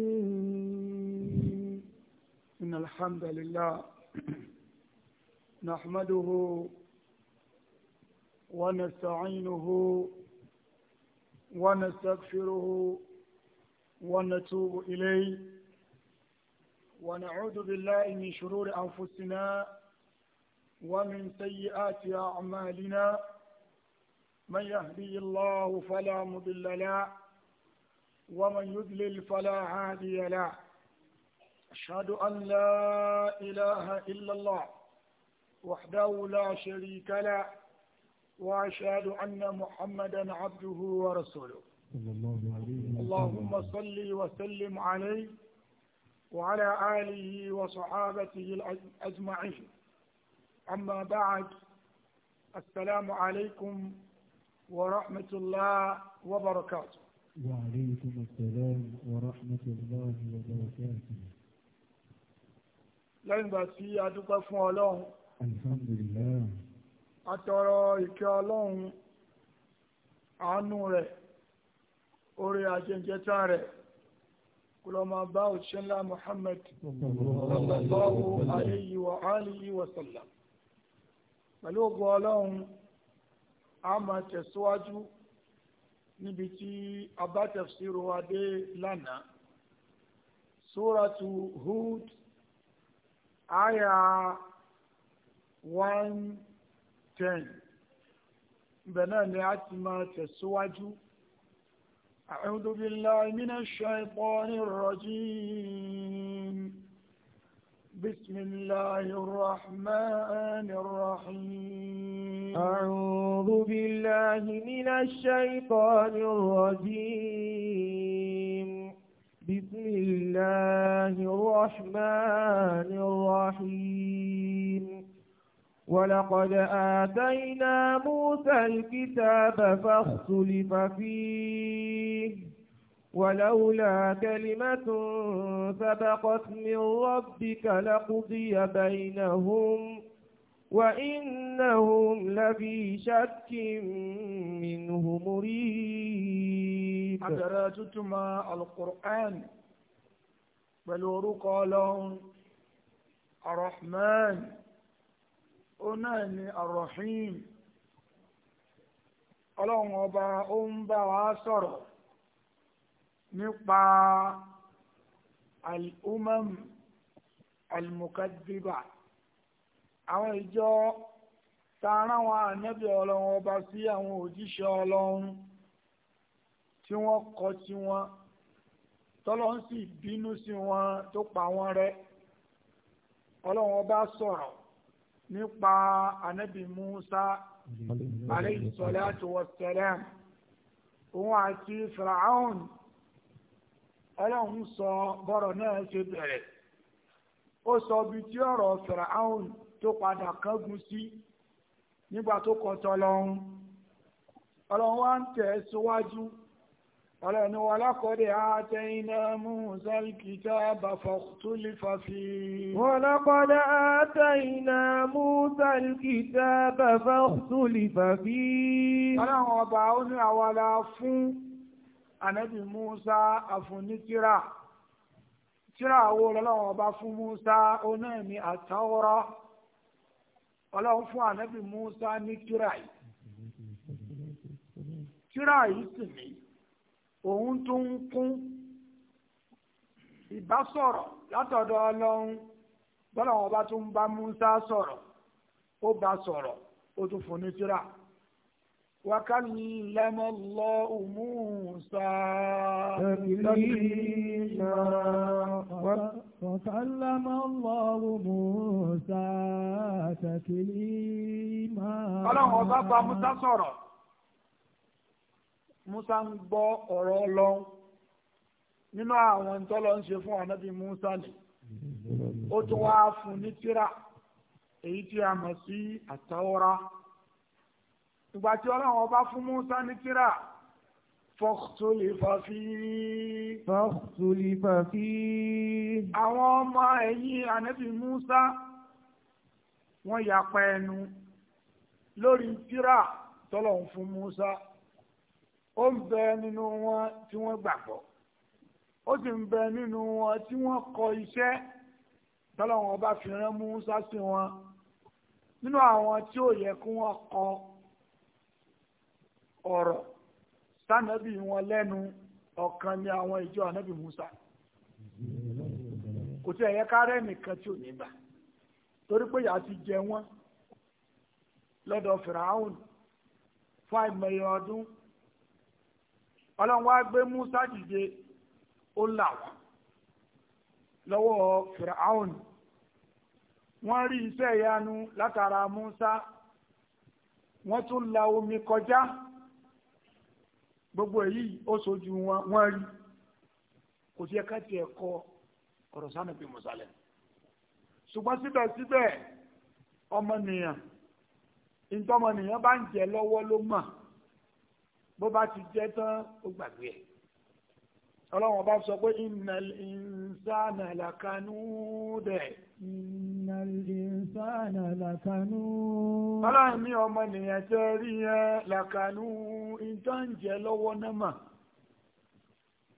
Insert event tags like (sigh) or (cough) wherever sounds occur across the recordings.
إن الحمد لله نحمده ونستعينه ونستغفره ونتوب إليه ونعوذ بالله من شرور أنفسنا ومن سيئات أعمالنا من يهدي الله فلا مضل له ومن يذلل فلا هادي له أشهد أن لا إله إلا الله وحده لا شريك له وأشهد أن محمدا عبده ورسوله اللهم صل وسلم عليه وعلى آله وصحابته الأجمعين أما بعد السلام عليكم ورحمة الله وبركاته وعليكم السلام ورحمة الله وبركاته lẹ́yìn ìgbà tí a dúpẹ́ fún ọlọ́run alhamdulillah a tọrọ ìkẹ́ ọlọ́run àánú rẹ̀ orí ajẹ́jẹ́ta rẹ̀ kó lọ máa bá òṣìṣẹ́ ńlá Muhammad sallallahu alayhi wa alihi wa sallam pẹ̀lú ògùn ọlọ́run a máa tẹ̀síwájú níbi tí a bá tafsiru wa dé lánàá suratu Hud aya one ten ibẹ̀ náà ni a ti máa tẹ̀síwájú. أعوذ بالله من الشيطان الرجيم بسم الله الرحمن الرحيم أعوذ بالله من الشيطان الرجيم بسم الله الرحمن الرحيم ولقد آتينا موسى الكتاب فاختلف فيه ولولا كلمة سبقت من ربك لقضي بينهم وإنهم لفي شك منه مريب أدراتتما القرآن بلورق لهم الرحمن أناني الرحيم ọlọ́run ọba ó ń nípa al-umam al-mukadiba àwọn ìjọ tààrà wọn ànábì ọlọ́run ọba sí àwọn òjíṣẹ́ ọlọ́run tí wọ́n kọ̀ tí wọ́n tọ́lọ́ ń sì bínú sí wọn tó pa wọ́n rẹ́ ọlọ́run ọba sọ̀rọ̀ nípa ànábì Musa alayhi salatu wassalam òun àti Fir'aun ọlọ́run sọ bọ́rọ̀ náà ṣe bẹ̀rẹ̀ ó sọ bí tí ọ̀rọ̀ fìràhùn tó padà kángun sí nígbà tó kọtọ lọ́hún ọlọ́run wá ń tẹ̀ síwájú ọlọ́run ni wọ́n lákọ̀ọ́dẹ̀ àtẹ́yìnà Musa al-kitaba fakhtulifa fi wọ́n lákọ̀ọ́dẹ̀ àtẹ́yìnà Musa al-kitaba fakhtulifa fi ọlọ́run ọba ó ní àwọlá fún anabi musa afunitira tira wo lọ́lọ́run ọba fún musa oná ní àtàwọ́rọ́ fún anabi musa ní tira yìí tírà yìí sì ní òun tó ń kún ìbásọ̀rọ̀ látọ̀dọ̀ ọlọ́run lọ́lọ́run ọba tó ń bá musa sọ̀rọ̀ ó bá sọ̀rọ̀ ó tún fún ní tírà. وكلم الله موسى تكليما وكلم الله موسى تكليما ọlọ́run ọba bá Musa sọ̀rọ̀ Musa ń gbọ́ ọ̀rọ̀ Ọlọ́run nínú àwọn ìtọ́lọ ń ṣe fún ànábì Musa ni ó tún wá fún ní tírà èyí tí a mọ̀ sí àtàwọ́rá ìgbà tí ọlọ́run ọba fún Musa ní tírà fọ́kùtùlìfà fi. fọ́kùtùlìfà fi. àwọn ọmọ ẹ̀yìn ànábì Musa wọ́n yapa ẹnu lórí tírà tọ́lọ́run fún Musa ó ń bẹ nínú wọn tí wọ́n gbàgbọ́ ó sì ń bẹ nínú wọn tí wọ́n kọ iṣẹ́ tọ́lọ́run ọba fi rán Musa sí wọn nínú àwọn tí ó yẹ kí wọ́n kọ. ọ̀rọ̀ sànàbí wọn lẹ́nu ọ̀kan ní àwọn ìjọ ànábì Musa kò tí ẹ̀yẹ kárẹ́ nìkan tí ò ní gbà torí pé yàá ti jẹ wọn lọ́dọ̀ Fìràhùn fún àìmọye ọdún ọlọ́run wá gbé Musa dìde ó là wọ́n lọ́wọ́ Fìràhùn wọ́n rí iṣẹ́ ìyanu látara Musa wọ́n tún la omi kọjá. gbogbo èyí ó sojú wọn wọ́n rí kò sí ẹ̀ka tiẹ̀ kọ ọ̀rọ̀ sanabi musalem ṣùgbọ́n síbẹ̀síbẹ̀ ọmọnìyàn ìtọ́mọnìyàn bá ń jẹ lọ́wọ́ ló mọ̀ bó bá ti jẹ tán ó gbàgbé ẹ̀ ọlọ́run ọba sọ pé innal insana lakanuud innal insana lakanuud ọlọ́run mi ọmọ nìyẹn tẹ́ rí yẹn lakanuud ìtọ́njẹ lọ́wọ́ náà mà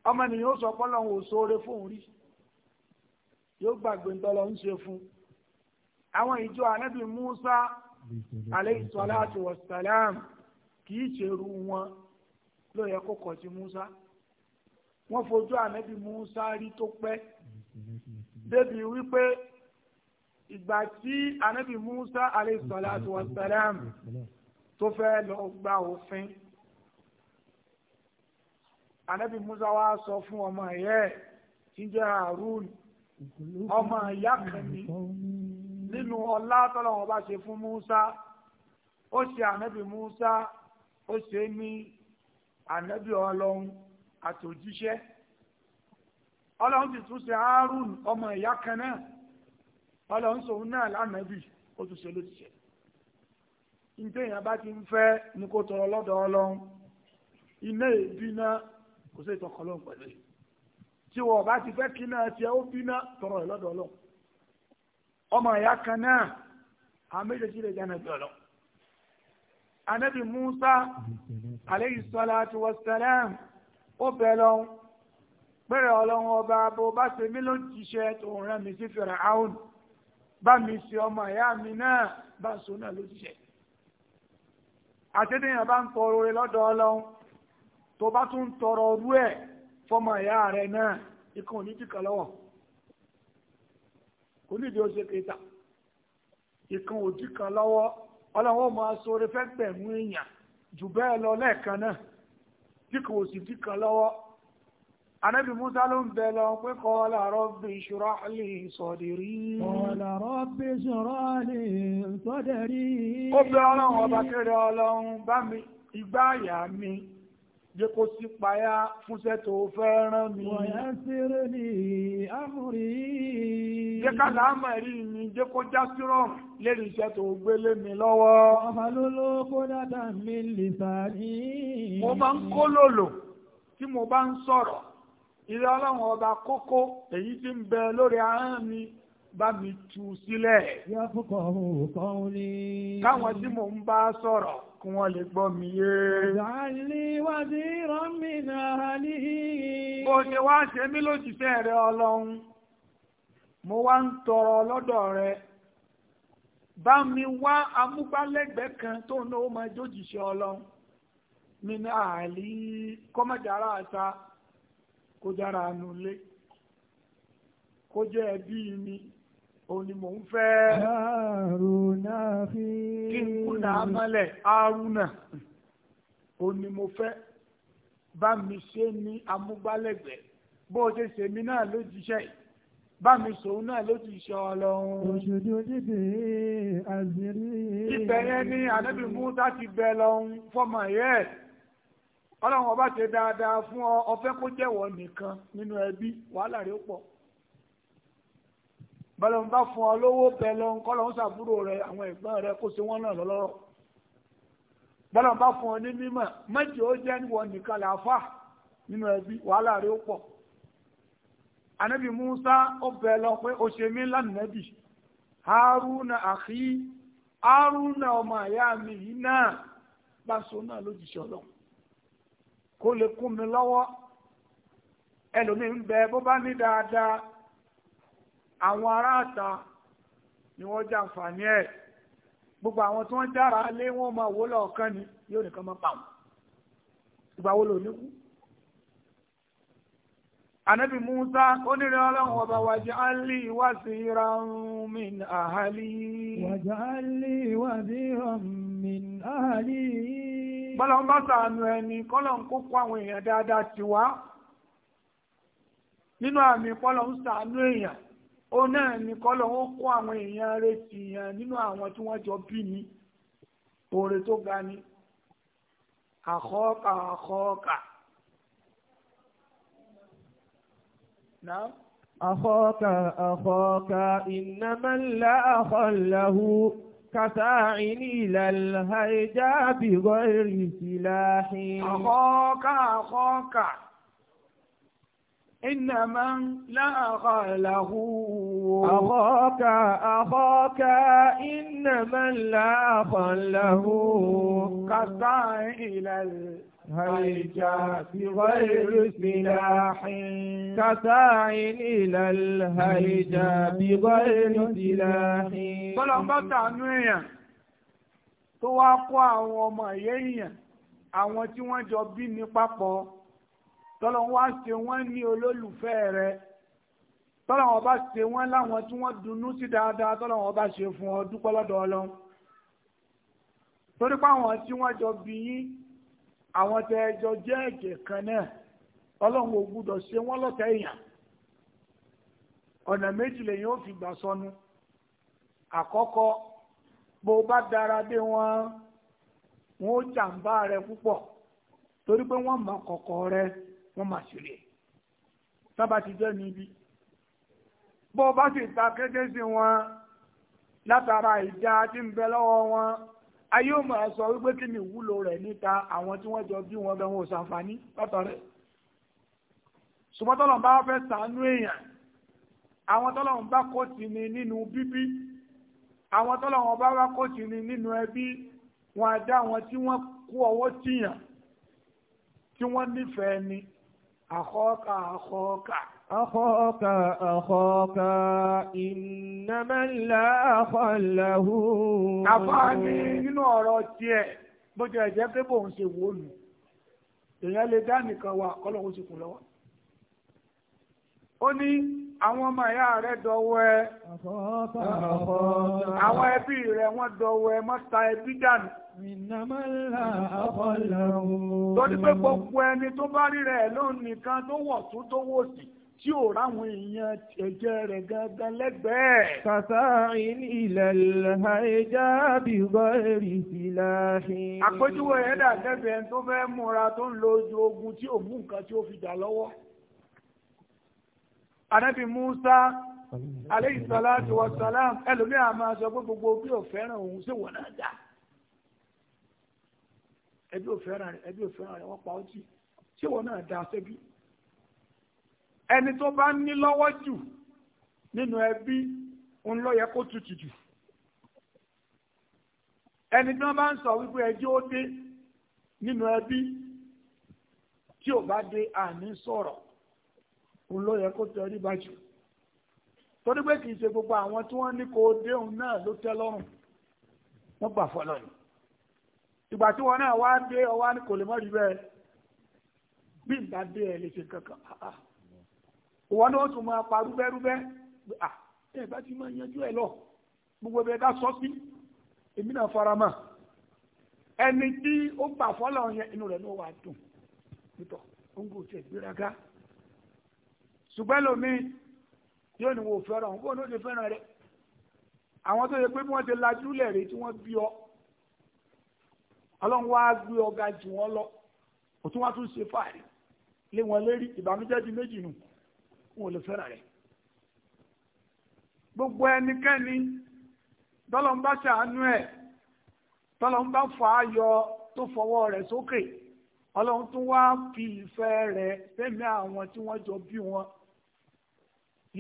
ọmọ nìyẹn ó sọ pé ọlọ́run ò sóore fóun rí yóò gbàgbé ńtọ́lọ ń ṣe fún àwọn ìjọ anábì Musa alayhi salatu wassalam ṣerú wọn ló yẹ kó kọ̀ sí Musa wọ́n fojú ànábì Musa rí tó pẹ́ débi wípé ìgbà tí ànábì Musa aleyhisalatu wasalam tó fẹ́ lọ gba òfin ànábì Musa wá sọ fún ọmọ ẹ̀yẹ́ tí jẹ́ Harun ọmọ ìyá kan ní nínú ọlá tọ́lọ́wọ́n bá ṣe fún Musa ó ṣe ànábì Musa ó ṣe ní ànábì ọlọ́run àtòjíṣẹ́ ọlọ́run ti tún ṣe Harun ọmọ ìyá kan náà ọlọ́run sòun náà lánàbì ó tún ṣe lóṣìṣẹ́ nítorí èèyàn bá ti ń fẹ́ ní kó tọrọ lọ́dọ̀ ọlọ́run iná èébí náà kò sí ìtọ́kọ̀ lóhùn pẹ̀lú yìí tí wọ́n bá ti fẹ́ kí náà tiẹ̀ ó bí náà tọrọ ẹ̀ lọ́dọ̀ ọlọ́run ọmọ ìyá kan náà àwọn méjèèjì lè jẹ́ ànábì Musa aleyhi salatu wa salam ó bẹ lọ́hún pẹ̀rẹ̀ ọlọ́run ọba bó bá ṣe mí ló ń jíṣẹ́ tó ń rán mi sí fèrè áhùn bá mi ṣe ọmọ ìyá mi náà bá ṣo náà ló jíṣẹ́ àtẹ́tẹ́yìn bá ń tọrọ rẹ lọ́dọ̀ ọlọ́run tó bá tún ń tọrọ rú ẹ̀ fọmọ ìyá rẹ náà ikọ̀ ò ní jìkà lọ́wọ́ kò nídìí ó ṣe kéta ìkan òdì kan lọ́wọ́ ọlọ́run ó máa sọ orí fẹ́ gbẹ̀mú èèyàn jù bẹ́ẹ̀ lọ lẹ́ẹ̀kan náà tí kò sì ti kàn lọ́wọ́ anábì musa ló ń bẹ lọ pé qala rabbi shrah li sadri. qala rabbi shrah li sadri. ó bẹ ọlọ́run ọba kéré ọlọ́run bá mi igbá àyà mi jẹ́ kó sí payá fúnṣẹ́ tó fẹ́ rán mi. wọ̀nyá sírè ní àmúrí. jẹ́ ká láàmà rí mi jẹ́ kó já sírọ̀ lérí iṣẹ́ tó gbé lé mi lọ́wọ́. ọmọ lóló kó dáadáa mi lè sàní. mo máa ń kó lòlò tí mo bá ń sọ̀rọ̀ ilé ọlọ́run ọba kókó èyí tí ń bẹ lórí ahọ́n mi bá mi tú sílẹ̀. yá fún kọ̀ọ̀hún kọ́ọ̀hún ni. káwọn tí mò ń bá sọ̀rọ̀. kún le lè gbọ́ mi yé. Ìjàlí wá sí rọ́mì ṣe wá ṣe mí lójìṣẹ́ mo wá ń tọrọ lọ́dọ̀ rẹ. Bá mi wá amúgbálẹ́gbẹ̀ẹ́ kan tó náà ó máa jójìṣẹ́ ọlọ́run. Mi ní àlí kọ́mọ̀jára àṣà kó jára nulẹ̀. Kó jẹ́ ẹbí mi. òun ni mò ń fẹ́. Haruna fi. kí n kúnlẹ̀ amálẹ̀ Haruna òun ni mo fẹ́ bá mi ṣe ní amúgbálẹ́gbẹ̀ẹ́ bó o ṣe ṣèmi náà ló jíṣẹ́ bá mi sòun náà ló ti ṣe ọlọ́run. òṣèlú dídè àzírí. ibẹ̀ yẹn ni ànábì Mùsá ti bẹ lọ́hún fọmọ yẹ ọlọ́run ọba ṣe dáadáa fún ọ ọfẹ́ kó jẹ́wọ́ nìkan nínú ẹbí wàhálà rẹ̀ pọ̀. bẹ́ẹ̀ ń bá fún ọ lówó bẹ́ẹ̀ lọ ń kọ́ sàbúrò rẹ àwọn ẹ̀gbọ́n rẹ kó sí wọn náà lọ́lọ́rọ̀ bẹ́ẹ̀ bá fún ọ ní mímọ̀ méjì ó jẹ́ níwọ̀n nìkan làáfà nínú ẹbí wàhálà rẹ pọ̀ anabi musa ó bẹ́ẹ̀ lọ pé ó ṣe mí haruna haruna ọmọ àyà mi yìí náà bá so náà lójijì àwọn aráàta ni wọ́n já àǹfààní ẹ̀ gbogbo àwọn tí wọ́n jára lé wọ́n máa wó lọ́ọ̀kan ni yóò nìkan máa pa wọn ìgbà wo lò níkú anabi musa onírìn ọlọ́run ọba wàjẹ́ alì ìwádìí ìrànmí àhálí wàjẹ́ alì ìwádìí ìrànmí àhálí bọ́lá ń bá sàánú ẹni kọ́lọ̀ ń kókó àwọn èèyàn dáadáa tiwa nínú àmì kọ́lọ̀ ń sàánú èèyàn ó náà ní kọ́lọ̀ wọn kó àwọn èèyàn rẹ̀ sí yàn nínú àwọn tí wọ́n jọ bí ni oore tó ga ni àkọ́ọ̀kà àkọ́ọ̀kà. Àkọ́ọ̀kà àkọ́ọ̀kà ìnàmọ́lá àkọ́ọ̀láhù kàtàìní ìlàlá ìjábìgọ́ ìrìsìláhìn. Àkọ́ọ̀kà àkọ́ọ̀kà. إن من لا أخا له أخاك أخاك إن من لا أخا له كسعى إلى الهيجة بغير سلاح كسعى إلى الهيجة بغير سلاح فلما تعنويا tó wá kó àwọn ọmọ èèyàn àwọn tí wọ́n jọ bí ní papọ̀ tọ́lọ̀ wá ṣe wọ́n ní olólùfẹ́ rẹ tọ́lọ̀ wọn bá ṣe wọ́n láwọn tí wọ́n dunnú sí dáadáa tọ́lọ̀ wọn bá ṣe fún ọ dúpẹ́ lọ́dọ̀ ọlọ́run torí pé àwọn tí wọ́n jọ bí yín àwọn tẹ ẹjọ jẹ́ ẹ̀jẹ̀ kan náà ọlọ́run ò gbúdọ̀ ṣe wọ́n lọ́tẹ̀ èèyàn ọ̀nà méjì lèyìn ó fi gbà sọnù àkọ́kọ́ bó bá dára dé wọn wọn ó jàǹbá rẹ púpọ̀ torí pé wọ́n mọ kọ̀kọ̀ rẹ wọ́n máa ṣeré ẹ̀ sábà ti jẹ́ níbi bó bá sì ta kéde sí wọn látara ìjà tí ń bẹ lọ́wọ́ wọn ayé ò máa sọ wípé kí ni ìwúlò rẹ̀ níta àwọn tí wọ́n jọ bí wọn bẹ wọn ò ṣàǹfààní látọ̀rẹ́ ṣùgbọ́n tọ́lọ̀ bá fẹ́ ṣàánú èèyàn àwọn tọ́lọ̀ bá kó tì ní nínú bíbí àwọn tọ́lọ̀ bá wá kó tì ní nínú ẹbí wọn á dá àwọn tí wọ́n kó ọwọ́ tìyàn tí wọ́n nífẹ̀ẹ́ ni أخوك أخوك أخوك أخوك إنما لا أخا له àfààní nínú ọ̀rọ̀ tiẹ̀ bó ti ẹ̀ jẹ́ pé bóun ṣe wò lù èèyàn lè dá nìkan wà kọ́lọ́hún sì kù lọ́wọ́ ó ní àwọn ọmọ ìyá rẹ̀ dọ̀wọ́ ẹ àwọn ẹbí rẹ̀ wọ́n dọ̀wọ́ ẹ mọ́ta ẹbí dànù torí pé gbogbo ẹni tó bá rí rẹ̀ lónìí nìkan tó wọ̀ tún tó wò sí tí ò ráwọn èèyàn ẹ̀jẹ̀ rẹ̀ gangan lẹ́gbẹ̀ẹ́. kàtà ilẹ̀ lẹ́ha ẹja bìbọ́ èrì síláhìn. àpèjúwe ẹ̀dà gẹ́gẹ́ tó fẹ́ múra tó ń lo ojú ogun tí ò mú nǹkan tí ó fi jà lọ́wọ́ anábì Musa aleyhi salatu wa salam ẹlòmíà máa sọ pé gbogbo bí ò fẹ́ràn òun ṣé wọ́n náà dà ẹbí ò fẹ́ràn rẹ̀ ẹbí ò fẹ́ràn rẹ̀ wọ́n pa ọ́ jì ṣé wọ́n náà dà sẹ́bí ẹni tó bá ní lọ́wọ́ jù nínú ẹbí ń lọ yẹ kó tutù jù ẹni tí wọn bá ń sọ wípé ẹjọ́ ó dé nínú ẹbí tí ò bá dé àní sọ̀rọ̀ òun ló yẹ kó tẹrí bá jù torí pé kì í ṣe gbogbo àwọn tí wọ́n ní kó déhùn náà ló tẹ́ lọ́rùn wọ́n gbà fọlọ́ ni ìgbà tí wọn náà wá dé ọwọ́ ní kò lè mọ́ rí bẹ́ẹ̀ bí n bá dé ẹ̀ lè ṣe kankan ah, ah. ìwọ náà tún máa pa rúbẹ́rúbẹ́ ah, ẹ bá ti máa yanjú ẹ lọ gbogbo ẹ dá sọ sí èmi náà fara mọ́ ẹni tí ó gbà fọlọ́ yẹn inú rẹ̀ ló wà dùn nítorí ó ń gòkè gbéraga ṣùgbọ́n lómi yóò ní wo fẹ́ràn òun kó ní ó ṣe fẹ́ràn rẹ àwọn tó yẹ pé bí wọ́n ti lajú lẹ̀rẹ̀ tí wọ́n bí ọ ọlọ́run wá gbé ọ̀gá jù wọ́n lọ kò tún wá tún ṣe fàárì lé wọn lérí ìbànújẹ́ di méjì nù wọn ò lè fẹ́ràn rẹ gbogbo ẹnikẹ́ni tọ́lọ́ ń bá ṣàánú ẹ̀ tọ́lọ́ ń bá fà á yọ tó fọwọ́ rẹ̀ sókè ọlọ́run tún wá fi ìfẹ́ rẹ̀ fẹ́mi àwọn tí wọ́n jọ bí wọn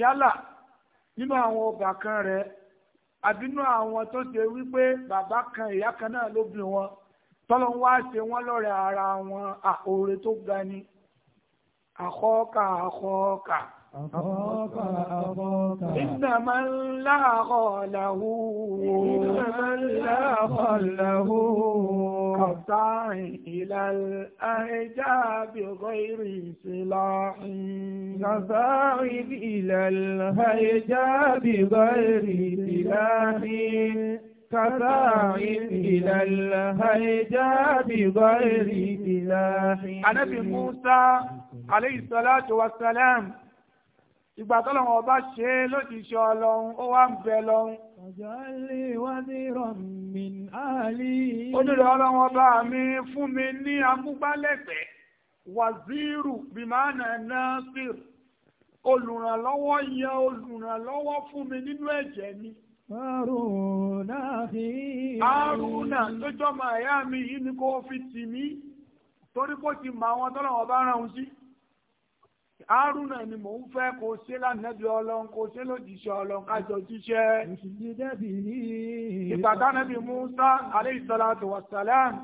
yálà nínú àwọn ọba kan rẹ̀ àbínú àwọn tó ṣe wípé bàbá kan ìyá kan náà ló bí wọn tọ́lọ́ wá ṣe wọ́n lọ́rẹ̀ ara wọn àhóore tó ga ni àkọ́ọ̀kà àkọ́ọ̀kà. أخاك أخاك إن من لاغ له إن من لاغ له قطع إلى الأعجاب غير سلاح قطع إلى الأعجاب غير سلاح كفاع إلى الهجاب غير سلاح عن أبي موسى عليه الصلاة والسلام ìgbà tọ́lọ́run ọba ṣe é lójijì ọlọ́run ó wá ń bẹ lọ́run. ọjọ́ lè wá sí rọ̀mì àlì. onílé ọlọ́run ọba mi fún mi ní amúgbálẹ́gbẹ̀ẹ́ waziri bimana nasir olùrànlọ́wọ́ yẹ olùrànlọ́wọ́ fún mi nínú ẹ̀jẹ̀ mi. Haruna fi. Haruna lójọ́ màá yá mi yìí ni kò fi tì mí torí kò ti mọ àwọn tọ́lọ́run ọba rán un sí. Haruna ni mò ń fẹ́ kó ṣe lánàbí ọlọ́run kó ṣe lójíṣẹ́ ọlọ́run kájọ jíṣẹ́. Ìgbàdá nàbí Musa alayhi salatu wassalam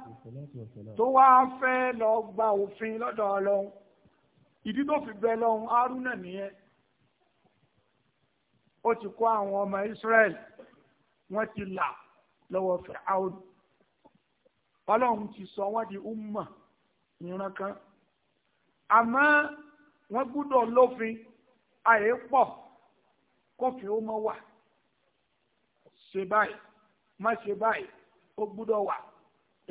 tó wá fẹ́ lọ gba òfin lọ́dọ̀ ọlọ́run. Ìdí tó fi bẹ lọ́run Haruna nìyẹn. Ó ti kó àwọn ọmọ Israẹ̀l wọ́n ti là lọ́wọ́ Fir'aun. Ọlọ́run ti sọ wọ́n di umma ìran kan. Àmọ́ wọ́n gbúdọ̀ lófin àyè pọ̀ kófin ó mọ́ wà ṣe báyìí má ṣe báyìí ó gbúdọ̀ wà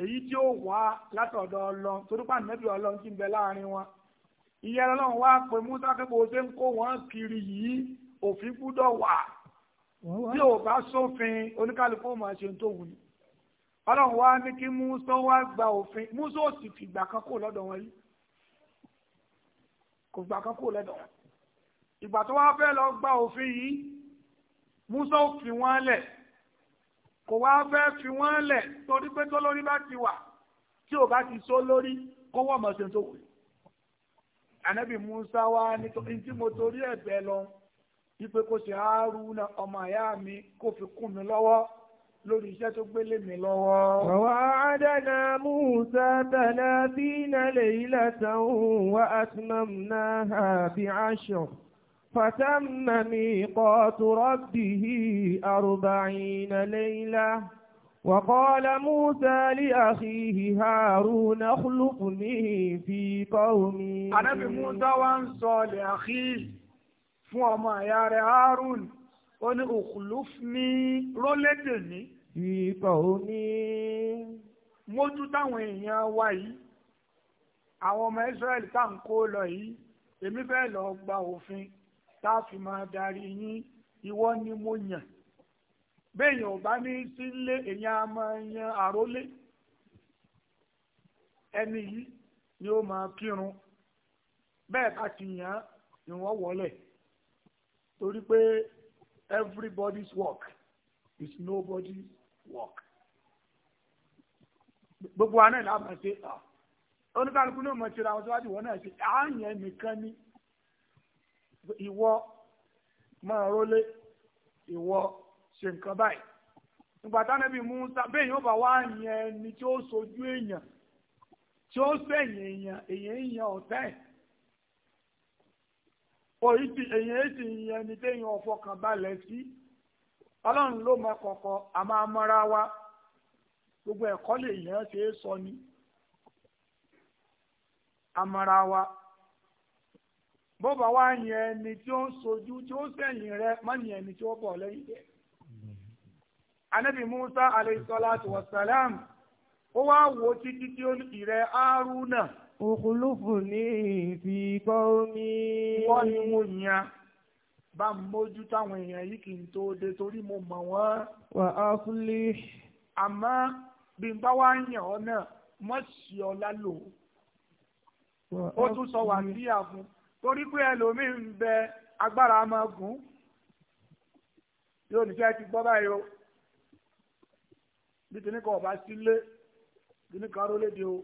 èyí tí ó wà látọ̀dọ̀ ọlọ́n torípa nẹ́bí ọlọ́n ti ń bẹ láàrin wọn ìyẹn ọlọ́run wá pé musa kébò ṣe ń kó wọn kiri yìí òfin gbúdọ̀ wà tí ò bá sófin oníkálukú ó máa ṣe tó wù ní ọlọ́run wá ní kí musa wá gba òfin musa ó sì fìgbà kan kó lọ́dọ̀ wọn yìí kò gbà kan kúrò lẹ́dọ̀ wọn ìgbà tó wá fẹ́ lọ gba òfin yìí Musa ò fi wọ́n lẹ̀ kò wá fẹ́ fi wọ́n lẹ̀ torí pé tó lórí bá ti wà tí ò bá ti só lórí kó wọ́n mọ̀ ṣe tó wù. ànábì Musa wá ní tí mo torí ẹ̀bẹ̀ lọ wípé kó ṣe Haruna ọmọ ìyá mi kó fi kún mi lọ́wọ́ lórí iṣẹ́ tó gbé lé mi lọ́wọ́. Wa wa'adana Musa thalathina laylatan wa atmamnaha bi'ashr. فتم ميقات ربه أربعين ليلة وقال موسى لأخيه هارون اخلفني في قومي Ànábì Mùsá wá ń sọ لأخيه fún ọmọ ìyá rẹ̀ اخلفني rólẹ́dẹ̀ ìkọ̀ omi. mójú táwọn èèyàn wa yìí àwọn ọmọ Israẹli tá à ń kó lọ yìí èmi fẹ́ lọ gba òfin tá a fi máa darí yín ìwọ ni mo yàn béèyàn ò bá ní sílé èèyàn á máa yan àrólé ẹni yìí ni ó máa kírun bẹ́ẹ̀ ká ti yàn ni wọ́n wọlé torí pé everybody's work is nobody's work gbogbo wa na lábàá ṣe oníkàlùkù náà mọ̀ ṣera àwọn síwájú wọn náà ṣe àáyàn nìkan ní ìwọ máa rólé ìwọ ṣe nǹkan báyìí nígbà tánàbí Musa bẹ́ẹ̀ yóò bá wá yẹn ẹni tí ó sojú èèyàn tí ó sẹ̀yìn èèyàn èèyàn èèyàn ọ̀tá ẹ̀ òyìn èèyàn èèyàn téèyàn sí. ọlọ́run ló mọ kọ̀kọ̀ a máa mọ́ra wa gbogbo ẹ̀kọ́ lè yàn án sọ ni a mọ́ra wa bọ́bà wá yẹn ẹni tí ó ń sojú tí ó sẹ́yìn rẹ má yẹn ẹni tí ó bọ̀ lẹ́yìn rẹ. anabi musa aleyhisalatu wasalam ó wá wo títí tí ó ní ìrẹ Haruna. òkúlùfù ní ìfikọ́ omi. wọ́n ní mo yàn. bá ń mójú táwọn èèyàn yìí kì í tó de torí mo mọ̀ wọ́n. wà á fúnlé. àmọ́ bí n bá wá yàn ọ́ náà mọ̀ sí ọ lálò. ó tún sọ wà níyà fún torí pé ẹlòmíì ń bẹ agbára máa gùn. yóò nífẹ̀ẹ́ ti gbọ́ báyìí o bí kìnnìkan ọba sílé kìnnìkan rólé o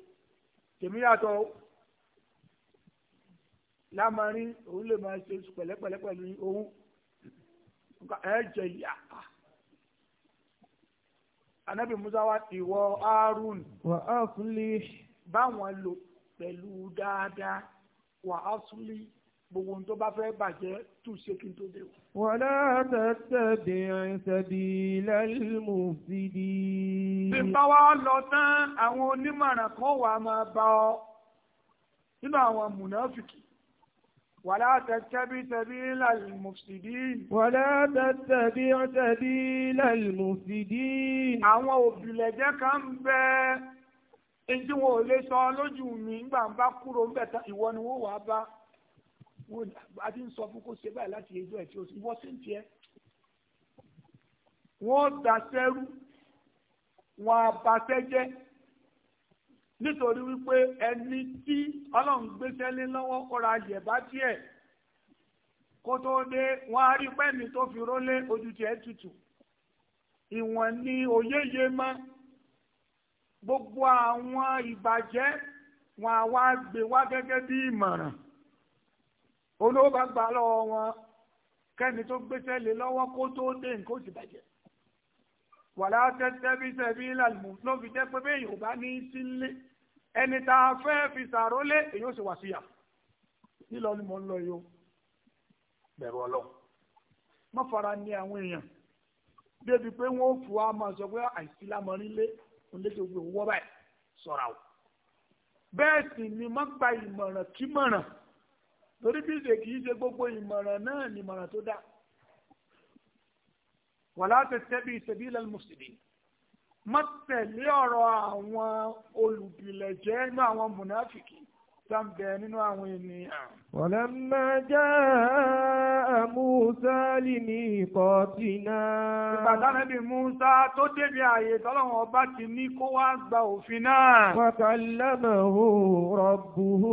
tèmi yàtọ̀ o lámarin òun lè máa ṣe oṣù pẹ̀lẹ́pẹ̀lẹ́ pẹ̀lú òun ẹ̀jẹ̀ yà á. anabi musa wa ìwọ Harun. wà á fúnlé. báwọn lò pẹ̀lú dáadáa wà á fúnlé gbogbo ohun tó bá fẹ́ bàjẹ́ tù ṣe kí n tó dé. wàlá tẹ̀sẹ̀dì àìsẹ̀dì lẹ́lmù sídi. bí bá wa lọ tán àwọn onímọ̀ràn kan wà máa bá ọ nínú àwọn mùnàfìkì. ولا تتبع سبيل المفسدين ولا تتبع سبيل المفسدين àwọn òbílẹ̀jẹ́ kan ń bẹ ẹjú wọn ò lè sọ lójú mi nígbà ń bá kúrò ń bẹ̀ ta ìwọ ni wọ́n wàá bá wọn a ti ń sọ fún kó ṣe báyìí láti ẹjọ́ ẹ̀ tí ó sì wọ́n sì ń tiẹ́ wọ́n dá sẹ́rú wọn nítorí wípé ẹni tí ọlọ́run gbéṣẹ́ lé lọ́wọ́ kóra yẹ̀bá tiẹ̀ kó tó dé wọ́n á rí pẹ́ẹ́nì tó fi rólé ojú tiẹ̀ tutù ìwọ̀n ni òyéye mọ́ gbogbo àwọn ìbàjẹ́ wọn á wá gbé wá gẹ́gẹ́ bí ìmọ̀ràn olówó gbà lọ́wọ́ wọn kẹ́ni tó gbéṣẹ́ lé lọ́wọ́ kó tó dé nǹkan ó bàjẹ́ wàlá tẹ́tẹ́ bí sẹ́bí làlùmọ́ ló fi jẹ́ pé bẹ́ẹ̀ yóò ní sílé ẹni tá a fẹ́ fi sàrólé èyí ó sì wà síyà nílọ ni mo ń lọ yìí ó bẹ̀rù ọlọ́ má fara ní àwọn èèyàn débi pé wọ́n ó fò á máa sọ pé àìsí lámọ́rílé oníṣẹ́ ògbé owó báyìí sọ̀rọ̀ àwọ̀ bẹ́ẹ̀ sì ni má gba ìmọ̀ràn kí mọ̀ràn torí bí ṣe kì í ṣe gbogbo ìmọ̀ràn náà ni ìmọ̀ràn tó dáa wàlá tẹ̀sẹ̀ bíi ṣẹ̀bí ilẹ̀ mùsùlùmí má tẹ̀lé ọ̀rọ̀ àwọn olùbìlẹ̀jẹ́ inú àwọn mùnáfìkì tó ń bẹ nínú àwọn ènìyàn. Walamma jaa Musa limiqatina. Ìbàdàn bí Musa tó débi ààyè tọ́lọ́wọ́n ọba ti ní kó wá gba òfin náà. Wa kallamahu rabbuhu.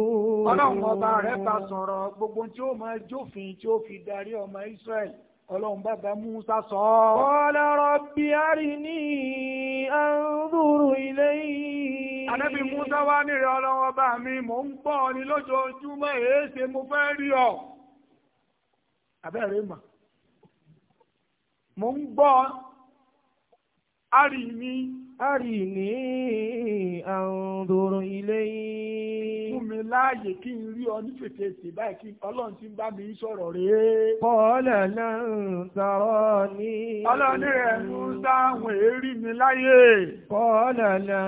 Ọlọ́run ọba rẹ̀ bá sọ̀rọ̀ gbogbo tí ó máa jófin tí ó fi darí ọmọ Ísírẹ́lì ọlọ́run bàbá Musa sọ ọ́. Qala rabbi arini anzuru ilayhi. Ànábì Musa wá nírẹ̀ ọlọ́wọ́ bá mi, mò ń bọ̀ ni lójoojúmọ́ èéṣe mo fẹ́ rí ọ. Àbẹ́rẹ́ mà, mò arìní àǹdòrò ilé yìí. fún mi láàyè kí n rí ọ ní fètèsè báyìí kí ọlọ́run ti ń bá mi sọ̀rọ̀ rèé. kọ́ọ̀lẹ̀ náà sọ̀rọ̀ ní. ọlọ́run rẹ̀ ń sáwọn èérí mi láyè. kọ́ọ̀lẹ̀ náà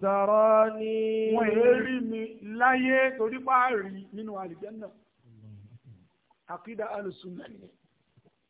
sọ̀rọ̀ ní. wọ́n èérí mi láyè torí pààrí nínú àlùjànnà. àkídà alùsùn náà nìyẹn.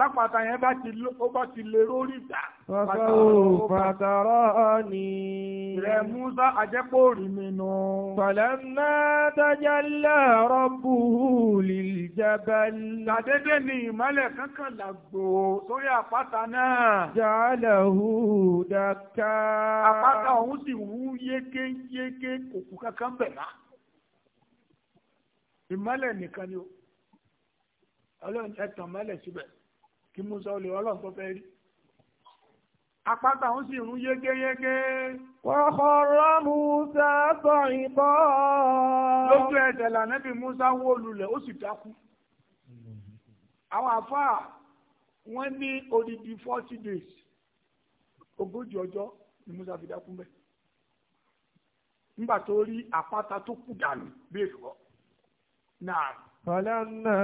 bápàtà yẹn bá ti ó bá ti lè rórí dá. Fọ́sọ́ fàtàrọ́ ni. Rẹ̀ Musa àjẹ́pọ̀ rí mi nù. Fọ̀lẹ́mà tajalla rabbuhu lil jabal. Tàdédé ni ìmọ́lẹ̀ kankan làgbò sórí àpáta náà. Ja'alahu dakka. Àpáta ọ̀hún sì wú yékéyéké kòkù kankan bẹ̀ má. Ìmọ́lẹ̀ nìkan ni o. Ọlọ́run ẹ tàn mọ́lẹ̀ síbẹ̀ kí Musa olè ọlọ́run tó fẹ́ rí apáta ń sì rún yégéyégé wọ́kọ̀rọ̀ Musa sọ ìbọ́ lójú ẹsẹ̀ lànẹ́bí Musa wó lulẹ̀ ó sì dákú àwọn àfáà wọ́n ní odidi forty days ogójì ọjọ́ ni Musa fi dákú mẹ́ nígbà tó rí àpáta tó kú dànù bí èkó náà. Fọlọ́nà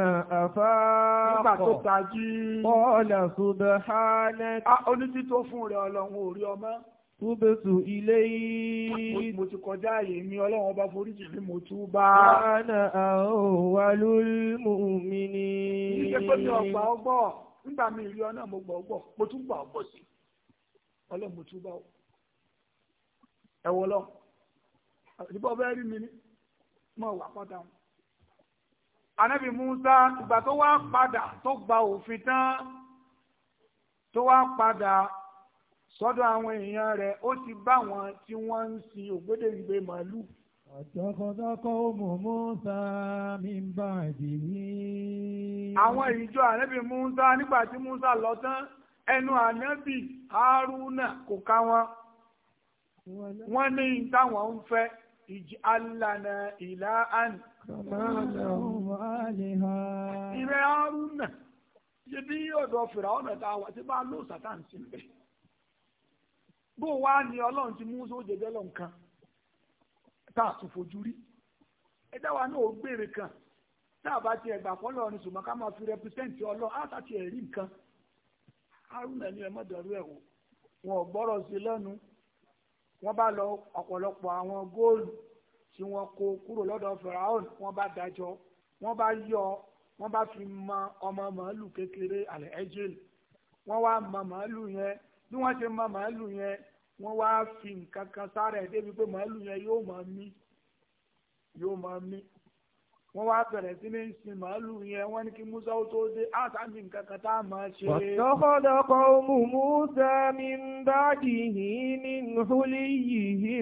àfáàkọ̀. Nígbà tó tají. Bọ́ọ̀lá subhanaka. A onídí tó fún rẹ̀ ọlọ́run orí ọmọ. Túbẹ̀tù ilé yìí. Mo ti kọjá àyè mi ọlọ́run ọba foríjì mi mo tún bá. Bọ́ọ̀nà awwalul mu'minin. Ìṣe pé mi ọgbà ọgbọ́. Nígbà mi ìrí ọ mo gbà ọgbọ́. Mo tún gbà ọgbọ́ sí. Ọlọ́run mo tún bá ọ. lọ. Ìbọn bẹ́ẹ̀ rí mi ní. Mo wà pátá wọn anabi musa ìgbà tó wá padà tó gba òfin tán tó wá padà sọ́dọ̀ àwọn èèyàn rẹ̀ ó ti bá wọn tí wọ́n ń sin ògbédèǹgbè màálù. Àjọkọ̀dọ́kọ̀ ọmọ Mùsá mi ń bá ìdìrí. Àwọn ìjọ ànábì Mùsá nígbà tí Mùsá lọ tán ẹnu ànábì Haruna kò ká wọn. Wọ́n ní táwọn ń fẹ́ ìjì alànà ìlà ire arúnà ṣe bí ọ̀dọ̀ fìràwọ̀nà tá a wà tí bá lò sátán sí ń bẹ̀. bó wá ní ọlọ́run ti mú sójẹjẹ lọ nǹkan tá a tún fojú kan tá a ti ẹ̀gbà fọ́lọ́ ní ṣùgbọ́n ká máa fi rẹpísẹ́ǹtì ọlọ́ wọn lọ tí wọ́n kó kúrò lọ́dọ̀ firaun wọ́n bá dájọ́ wọ́n bá yọ wọ́n bá fi mọ ọmọ màálù kékeré àlẹ́ ẹ́jẹ̀l wọ́n wá mọ màálù yẹn bí wọ́n ṣe mọ màálù yẹn wọ́n wá fi nǹkan kan sára ẹ̀ débi pé màálù yẹn yóò máa mí yóò máa mí wọ́n wá bẹ̀rẹ̀ sí ní sin màálù yẹn wọ́n ní kí musa ó tó dé àtàbí nǹkan kan tá a máa ṣe. ọ̀tọ́kọ́dọ̀ kan musa mi ń bá dìhì ní nùhúlì yìí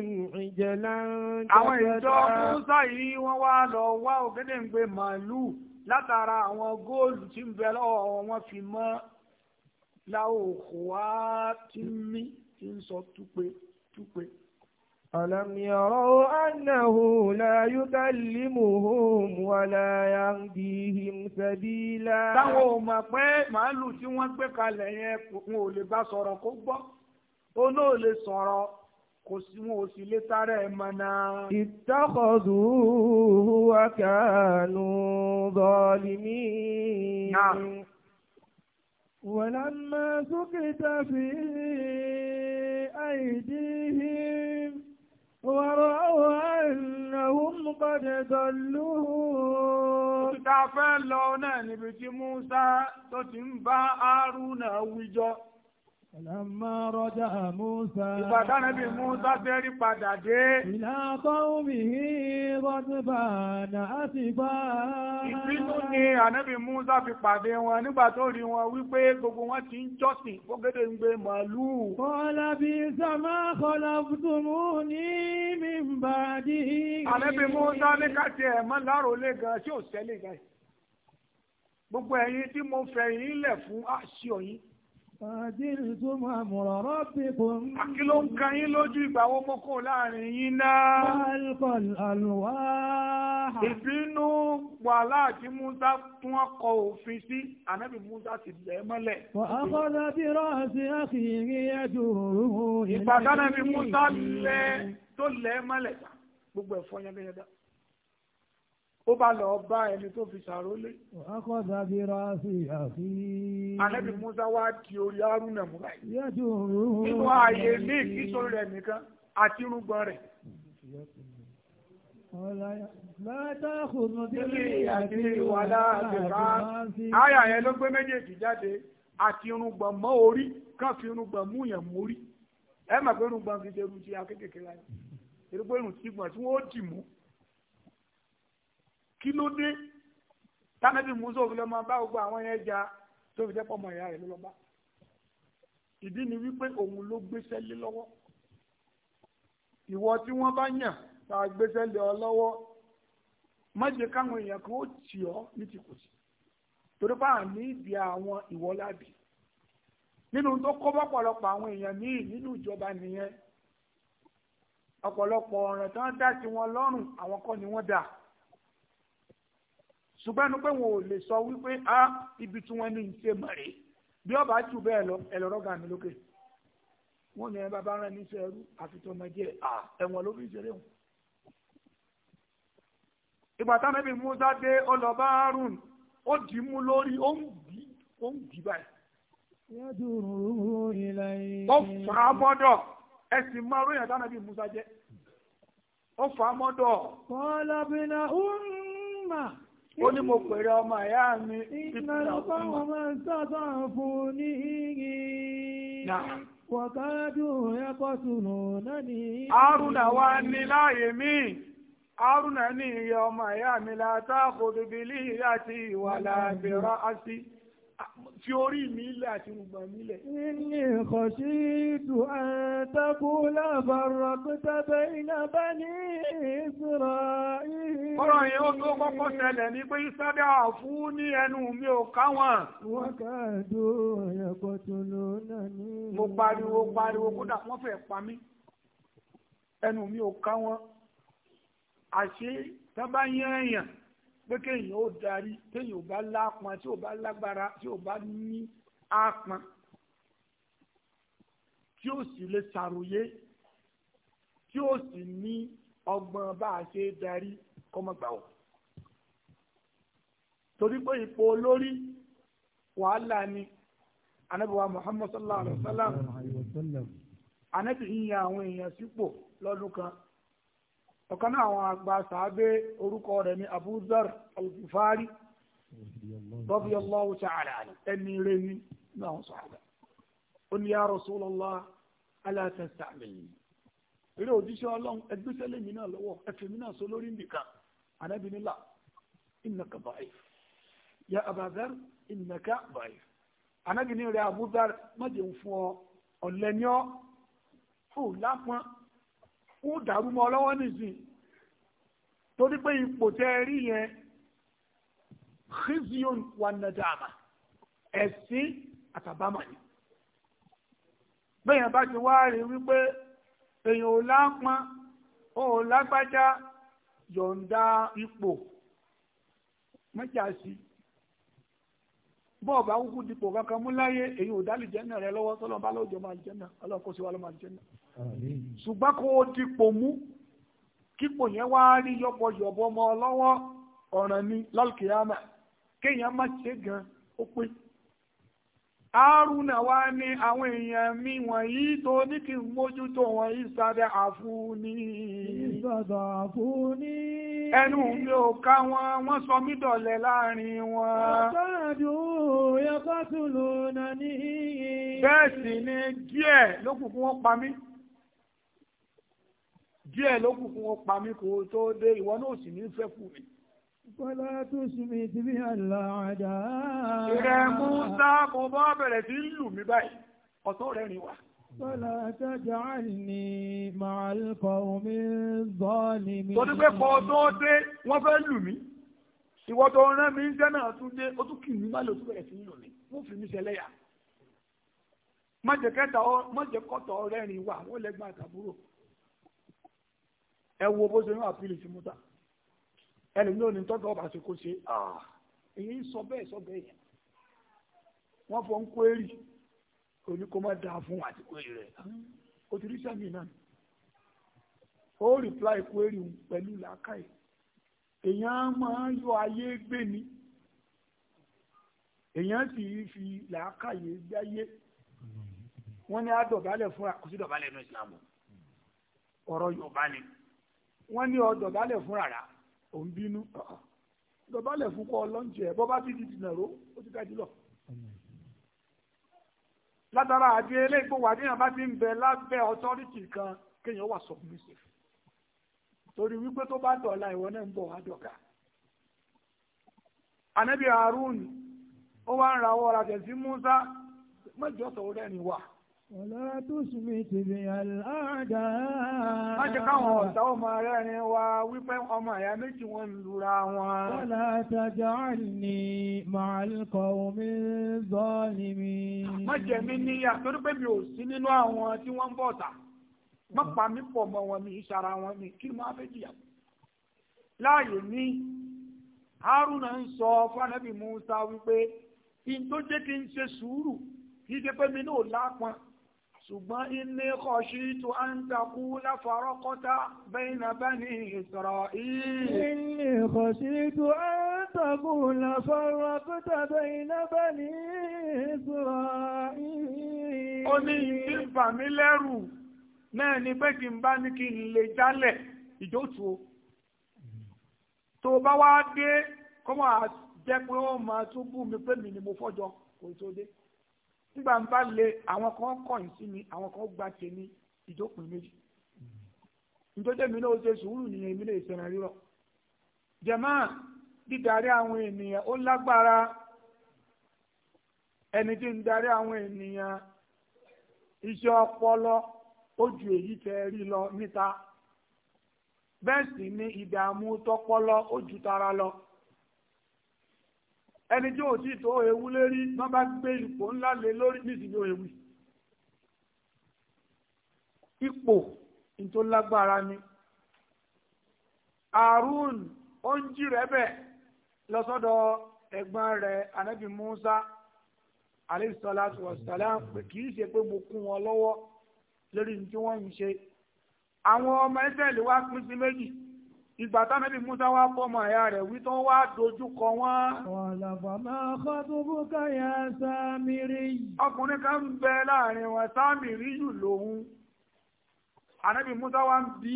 ìjẹ̀lá ń jẹ́ àwọn ìjọ musa yìí wọ́n wá lọ wá ògèdè màálù látara àwọn góòlù tí ń bẹ lọ́wọ́ wọn fi mọ́ láòkùwá tí ń mí tí ń sọ túpe túpe. ألم يروا أنه لا يكلمهم ولا يهديهم سبيلا táwọn ò mọ̀ pé màálù tí wọ́n gbé kalẹ̀ yẹn wọn ò lè bá sọ̀rọ̀ kó gbọ́ ó náà lè sọ̀rọ̀ kò sí wọn ò sì lè sára ẹ̀ mọ̀ náà. اتخذوه وكانوا ظالمين. نعم. ولما سكت في أيديهم ورأوا أنهم قد ضلوا Ìtafẹ́ lọ náà níbi tí Músá tó ti ń bá Árúnà wíjọ́. Ìlàmà rọjà Músa. Ìbàdàn bí Músa fẹ́ rí padà dé. Ìlàkọ́ omi rọ́dúbà náà ti bá. Ìbínú ni ànábì Músa fi pàdé wọn nígbà tó rí wọn wípé gbogbo wọn ti ń jọ́sìn fógédé ń gbé màálù. Kọ́lá bí Sàmá kọ́lá Bùtùmù ní Mímbàdí. Ànábì Músa ní káàtì ẹ̀ mọ́ láròlé gan-an tí ò sẹ́lẹ̀ gan-an. Gbogbo ẹ̀yin tí mo fẹ̀yìn lẹ̀ fún àṣìọ̀yìn. Fàájìrìtúmọ̀ àmùrọ̀ rọ́bì fún. Akíló ń ka yín lójú ìgbà wọn Ìbínú wà láti Musa tí wọ́n òfin sí, ànábì Musa ti lẹ̀ mọ́lẹ̀. Ọ̀kọ́dà bí rọ́ọ̀sì àkìrí ẹ̀dùn. Ìgbà tánàbì Musa lẹ̀ tó lẹ̀ mọ́lẹ̀ gbogbo ẹ̀fọ́ yẹn ó bá lọ bá ẹni tó fi ṣàrólé. akọ́ta bí ra sí àfi. àlẹ́bí musa wá di orí arúnà mú báyìí. yẹ́jú nínú ààyè ní ìkísọ̀rọ̀ rẹ̀ nìkan àti irúgbọ́n rẹ̀. Aya yẹn ló gbé méjèèjì jáde àti irùngbọ̀n mọ́ orí kan fi irùngbọ̀n mú yàn mórí. Ẹ mà pé irùngbọ̀n fi ṣe irun ti akékèké láyé. Èrúgbó irun ti gbọ̀n tí wọ́n ó dì mú kí ló dé tánàbí musa òfin lọ́mọ bá gbogbo àwọn yẹn jà tó fi jẹ́ pọ̀ mọ́ ìyá rẹ̀ lọ́ba ìdí ni wípé òun ló gbéṣẹ́ lé lọ́wọ́ ìwọ tí wọ́n bá yàn tá a gbéṣẹ́ lé ọ lọ́wọ́ má jẹ́ káwọn èèyàn kan ó tì ọ́ ní ti kò sí torí bá àmì ìdí àwọn ìwọ́lábì nínú tó kọ́ bọ́pọ̀lọpọ̀ àwọn èèyàn míì nínú ìjọba nìyẹn ọ̀pọ̀lọpọ̀ ọ̀ràn tán dá sí lọ́rùn àwọn kọ́ ni wọ́n dà ṣùgbọ́n ẹnu pé wọn ò lè sọ wípé a ibi tí wọ́n ní í ṣe mọ̀rẹ́ bí ọba jù bẹ́ẹ̀ lọ ẹlọ́rọ́ gà mí lókè wọn ní bàbá rẹ níṣẹ́ ẹrú àfitọ́mọdé à ẹ̀wọ̀n ló fi ṣeré wọn. ìgbà táwọn ẹbí Musa dé ọlọ́ba arun ó dì í mú lórí ó ń dì ó ń dì báyìí. ó fà á mọ́dọ̀ ẹ̀sìn máa ròyìn àtàwọn ẹbí Musa jẹ́ ó fà á mọ́dọ̀. kọ́lá bìnnà ó mà ó ní mo pèrè ọmọ ìyá mi. iná ló bá wọn máa ń sábà fún ní iyì. wọ̀kádù ẹ̀kọ́ sùnù náà ní. arúnà wa ni láàyè mí arúnà ní iye ọmọ ìyá mi látàkùn bíbélì àti ìwà làbẹ̀rẹ̀ àti fi orí mi ilẹ̀ àti rúgbà mi ilẹ̀. Inni khashitu an taqula farraqta bayna bani Isra'il. Ọ̀rọ̀ yẹn ó tó kọ́kọ́ ṣẹlẹ̀ ní pé Ìsádà fún ní ẹnu mi ò káwọn. Wọ́n káàdó ẹ̀kọ́ tó lò náà ní. Mo pariwo pariwo kódà wọ́n fẹ́ pa mí. Ẹnu mi ò káwọn. Àṣé tábà yẹn yàn pé kéèyàn ó darí kéèyàn ò bá lápọn tí ò bá lágbára tí ò bá ní ápọn tí ó sì lè ṣàròyé tí ó sì ní ọgbọ́n bá a ṣe darí kọ́mọgbà ọ̀ torí pé ipò olórí wàhálà ni anabiwa muhammad sallallahu alaihi wa sallam anabi yìnyín àwọn èèyàn sípò lọ́dún kan ọ̀kan náà àwọn àgbà sàábé orúkọ rẹ̀ ní Abu Dharr al-Ghifari radiyallahu ta'ala anhu ẹni rẹ̀ ní náà sàábà ó ní ya Rasulullah ala tasta'milni eré òjíṣẹ́ ọlọ́run ẹgbẹ́sẹ̀lẹ̀ mi náà lọ́wọ́ ẹ̀fẹ̀ mi náà sọ fún ìdàrúmọ́ ọlọ́wọ́ nìsín torí pé ipò tẹ́ ẹ rí yẹn khizyun wa nadama ẹ̀sìn àtàbámà ni bẹ́yàn bá ti wá rí wípé èèyàn ò lápọn ò lágbájá yọ̀ǹda ipò mẹ́jà sí i bọ́ọ̀ bá kúkú dipò kankan mú láyé èyí ò dálì jẹ́nà rẹ lọ́wọ́ sọ́lọ́ bá lọ́jọ́ máa jẹ́nà ọlọ́kọ́ sí wa lọ́ máa jẹ́nà. ṣùgbọ́n kó o dipò mú kípò yẹn wá rí yọ̀bọ̀yọ̀bọ̀ mọ́ ọ lọ́wọ́ ọ̀ràn ni lálùkìyàmà kéèyàn má ṣe gan ó pé. Haruna wa ní àwọn èèyàn mi wọ̀nyí tó ní kí n mójútó wọn ìsàdà àfúní. ìsàdà àfúní ẹnu mi ò ká wọn wọ́n sọ mí dọ̀lẹ láàrin wọn àtàdù yẹkọ́ tùlù náà ní iye bẹ́ẹ̀ sì ni díẹ̀ lókùnkún wọn pa mí díẹ̀ lókùnkún wọn pa mí kò tó dé ìwọ náà sì ní fẹ́ fún mi Bọ́lá tó ṣùgbì ti bí àlàájá. Ìrẹ̀ Músá, mo bá bẹ̀rẹ̀ sí lù mí báyìí, ọ̀tọ́ rẹ̀ rìn wá. Fọ́lá tẹ́jà ní màálùkọ̀ omi zọ́ọ̀lì mi. Torí pé kọ́ tó dé, wọ́n fẹ́ lù mí. Ìwọ tó rán mi jẹ́ náà tún dé, ó tún kì mí má lò tún bẹ̀rẹ̀ sí lò mí. Wọ́n fi mí ṣẹlẹ́yà. Májẹ̀kẹ́tọ̀ ọ̀rẹ́rin wà, wọ́n lẹ́gbàá àtàbúrò. Ẹ wo bó ṣe ń wà fílì sí múta. Ẹni ní tọ́jú ọba ṣe ṣe. Ah, èyí sọ bẹ́ẹ̀ sọ bẹ́ẹ̀ yẹn. Wọ́n fọ ń kó èrì oníkómọ́ dáa fún àtìkú rẹ̀ O ti rí sẹ́mi náà ó rìpláì kwérì pẹ̀lú làákàyè èèyàn máa ń yọ ayé gbé ni èèyàn sì fi làákàyè gbáyé wọ́n ní àdọ̀bálẹ̀ fúnra kò sí dọ̀bálẹ̀ ní ìsìlámù ọ̀rọ̀ yorùbá ni wọ́n ní ọdọ̀bálẹ̀ fúnra rà òun bínú dọ̀bálẹ̀ fún kọ́ ọlọ́njẹ bọ́ bá ti di dìnnà ró ó ti ká jùlọ. látara àdé eléyìnbó wà bá ti ń bẹ lábẹ́ ọtọ́rìtì kan kéèyàn wà submissive torí wípé tó bá dọ̀la ìwọ náà ń bọ̀ wá dọ̀gà. ànábì Harun ó wá ń ra ọ̀rọ̀ àtẹ̀sí Musa mọ́jọ́sọ̀ rẹ̀ ni wà. Ọ̀lá tó súnmí ti fi àláàdá. Má jẹ́ káwọn ọ̀tá ọmọ rẹ̀ ni wa wípé ọmọ ìyá méjì wọn lura wọn. Wọ́lá tajà ní màálùkọ̀ omi zọ́ọ̀lì mi. Má jẹ́ mi níyà torí pé mi ò sí nínú àwọn tí wọ́n ń bọ̀ tà. Má pa mí pọ̀ mọ́ wọn mi ìṣara wọn mi kí máa fẹ́ jìyà. Láàyè mi, Haruna ń sọ fún Musa wípé, kí n tó jẹ́ kí n ṣe sùúrù, kì í ṣe pé mi náà lápọn ṣùgbọ́n inni khashitu an taqula faraqta bayna bani Isra'il. inni khashitu an taqula faraqta bayna bani Isra'il. ó ní ìdí ìbàmí lẹ́rù náà ni pé kí n bá ní kí n lè jálẹ̀ ìjótùú tó bá wá dé kọ́mọ̀ àjẹpẹ́ ó máa tún bú mi pé mi ni mo fọ́jọ́ kò tó dé. nígbà ń bá le àwọn kan kọ̀yìn sí mi àwọn kan gba tèmi ìjókòó méjì nítorí mi náà ṣe sùúrù nìyẹn èmi náà ìṣẹ̀rẹ̀ rírọ̀ jẹ̀mọ́ dídarí àwọn ènìyàn ó lágbára ẹni tí ń darí àwọn ènìyàn iṣẹ́ ọpọlọ ó èyí rí lọ níta bẹ́ẹ̀ sì ni ìdààmú tọpọlọ tara lọ. ẹni tí ò tí tó ewu lérí wọ́n bá gbé ipò ńlá lé lórí nísìnyí ewu ipò tó lágbára ni Harun ó ń jí rẹ bẹ lọsọ́dọ̀ ẹ̀gbọ́n rẹ̀ anabi Musa alayhi salatu wassalam kì í ṣe pé mo kún wọn lọ́wọ́ lórí tí wọ́n ń ṣe àwọn ọmọ Ísírẹ́lì wá pín sí méjì ìgbà tánàbí Musa wá fọ́mọ̀ àyà rẹ̀ wí tó wá dojúkọ wọ́n. ọ̀làbọ̀ máa kọ́ tó bú káyà sáàmìrì. ọkùnrin kan ń bẹ láàrin wọn sáàmìrì yù lòun. ànábì Musa wá ń bí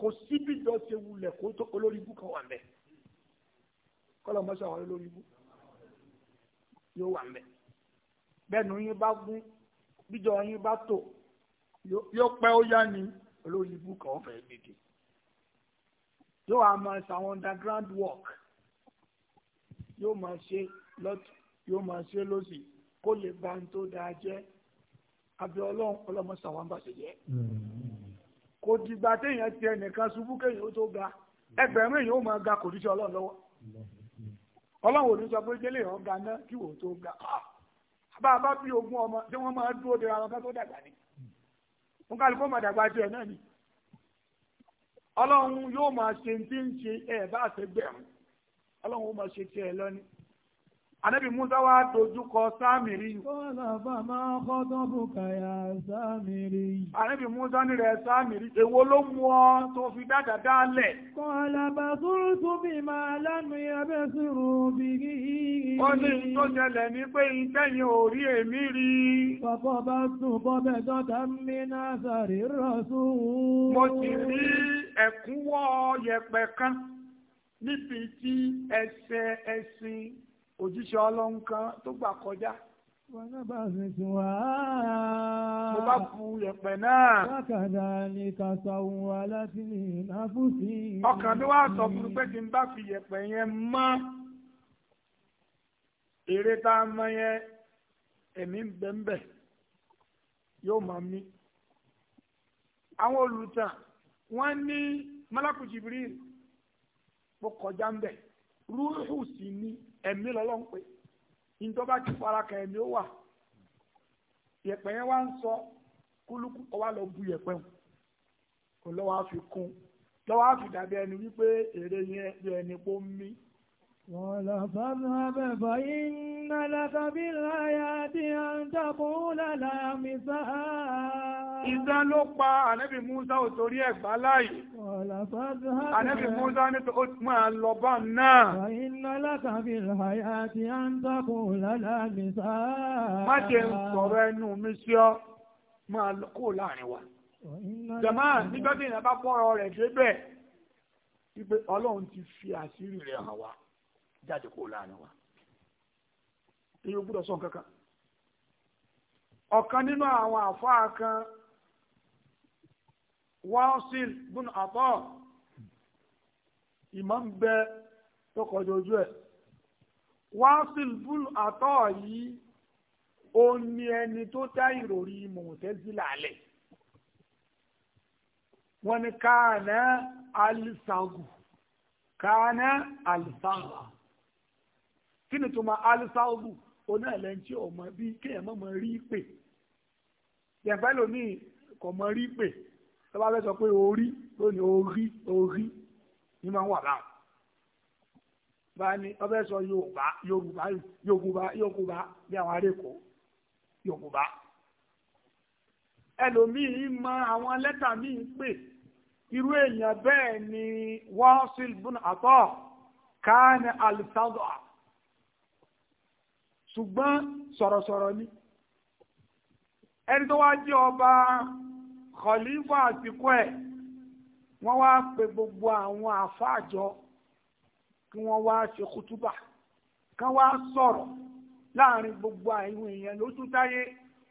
kò síbi jọ ṣe wulẹ̀ kó tó olórí ibú kan wà ń kọ́lọ̀ mọ́ṣọ́ àwọn olórí ibú yóò wà ń bẹ́ẹ̀ni yín bá gún bíjọ yín bá tò yóò pẹ́ ó yá ni olórí ibú kan fẹ́ẹ́ gbèdé yóò wá máa ṣe àwọn underground work yóò máa ṣe lọ́tù yóò máa ṣe lọ́sì kó lè ba ń tó dáa jẹ́ abẹ́ ọlọ́run ọlọ́mọ sàwọn bá ṣe jẹ́ kò dìgbà téèyàn ti ẹnìkan ṣubú kéèyàn ó tó ga ẹgbẹ̀rún èèyàn ó máa ga kò ní ọlọ́run lọ́wọ́ ọlọ́run ò ní sọ pé délé ọ̀ ga ná kí wò tó ga ah! bá a bá bí ogún ọmọ tí wọ́n máa dúró de ara wọn ká tó dàgbà ni wọn kálukú ọmọ dàgbà tiẹ̀ náà ni ọlọ́run yóò máa ṣe ti ń ṣe ẹ̀ bá àtẹ́gbẹ̀rún ọlọ́run ó máa ṣe tiẹ̀ lọ́ni Ànábì Musa wá dojúkọ Sámìrí. Kọ́lá bàbá ọkọ́tọ́ bùkàyà Sámìrí. Ànábì Musa nílẹ̀ Sámìrí. Èwo ló mú ọ tó fi dáadáa dálẹ̀? Kọ́lá bá sórú tó bí máa lánà abẹ́ sírò bí i. Ó ní tó ṣẹlẹ̀ ní pé ìtẹ́yìn ò rí èmi rí. Bàbá bá sùn bọ́bẹ̀ dọ́ta mi náà sàrí rọ̀sùn. Mo sì rí ẹ̀kúnwọ́ yẹpẹ̀ kan níbi tí ẹsẹ̀ ẹṣin òjíṣẹ́ ọlọ́run kan tó gbà kọjá. Wọ́n náà bá fi sùn wá. Mo bá fu yẹ̀pẹ̀ náà. Lákàdá ni kàṣà òun wa láti lè máa fún sí. Ọkàn mi wá sọ fún mi pé kí n bá fi yẹ̀pẹ̀ yẹn mọ́. Èrè tá a mọ yẹn, ẹ̀mí ń bẹ̀ ń bẹ̀, yóò máa mí. Àwọn olùtàn, wọ́n ní Málákù Jibril, mo kọjá ń bẹ̀, rúhù sí ní ẹ̀mí lọ́lọ́run pé ìjọba ti fara kan ẹ̀mí ó wà yẹ̀pẹ̀ yẹn wá ń sọ kúlúkú ọwá lọ bu yẹ̀pẹ̀ wọn kò lọ́wọ́ á kún lọ́wọ́ á dàbí ẹni wípé èrè yẹn bí ẹni pó ń mí. ولا فاذهب فإن لك بالآيات أن تقول لا مثال Ìdán ló pa ànẹ́bì Músá ò torí ẹ̀gbá láyé. Ànẹ́bì Músá ní ó máa lọ bá náà. Iná látàbí ìhàyà àti à ń tàkù lálàbí sáà. Má jẹ́ ń sọ̀rọ̀ ẹnu mi sí ọ, máa lọ kó láàrin wa. Jàmá nígbà tí ìyàn bọ́rọ̀ rẹ̀ débẹ̀, wípé Ọlọ́run ti fi àṣírí rẹ̀ hàn wá jáde kó láàrin wa. Èyí gbúdọ̀ sọ nǹkan kan. Ọ̀kan nínú àwọn àfáà kan wáṣíl bún àtọ́ ìmọ̀ ń bẹ tó kọjọ ojú ẹ̀ wáṣíl bún àtọ́ yìí ó ní ẹni tó dá ìròrí mọ̀tẹ́sílà lẹ̀ wọ́n ní káàná alisagu káàná alisagu tó ma alisagu oní ẹlẹ́ntì ọmọ bíi kéèyàn mọ̀ mọ̀ rí pè yẹn fẹ́ lómi kọ̀ mọ̀ rí pè tó bá fẹ́ sọ pé orí tó ní orí orí ní máa ń wà báwọn bá ní ọbẹ̀ sọ yorùbá yorùbá yorùbá yorùbá bí àwọn arékò yorùbá ẹlòmíì mọ àwọn lẹ́tà míì pè irú èèyàn bẹ́ẹ̀ ni wọ́ọ̀sìl bùn àtọ́ káàní alifadọ́à ṣùgbọ́n sọ̀rọ̀sọ̀rọ̀ ni ẹni tó wá jẹ́ ọba kọ̀lífà àtikú ẹ̀ wọ́n wá pe gbogbo àwọn àfáàjọ kí wọ́n wá ṣe kútúbà kán wá sọ̀rọ̀ láàrin gbogbo àwọn èèyàn lójú táyé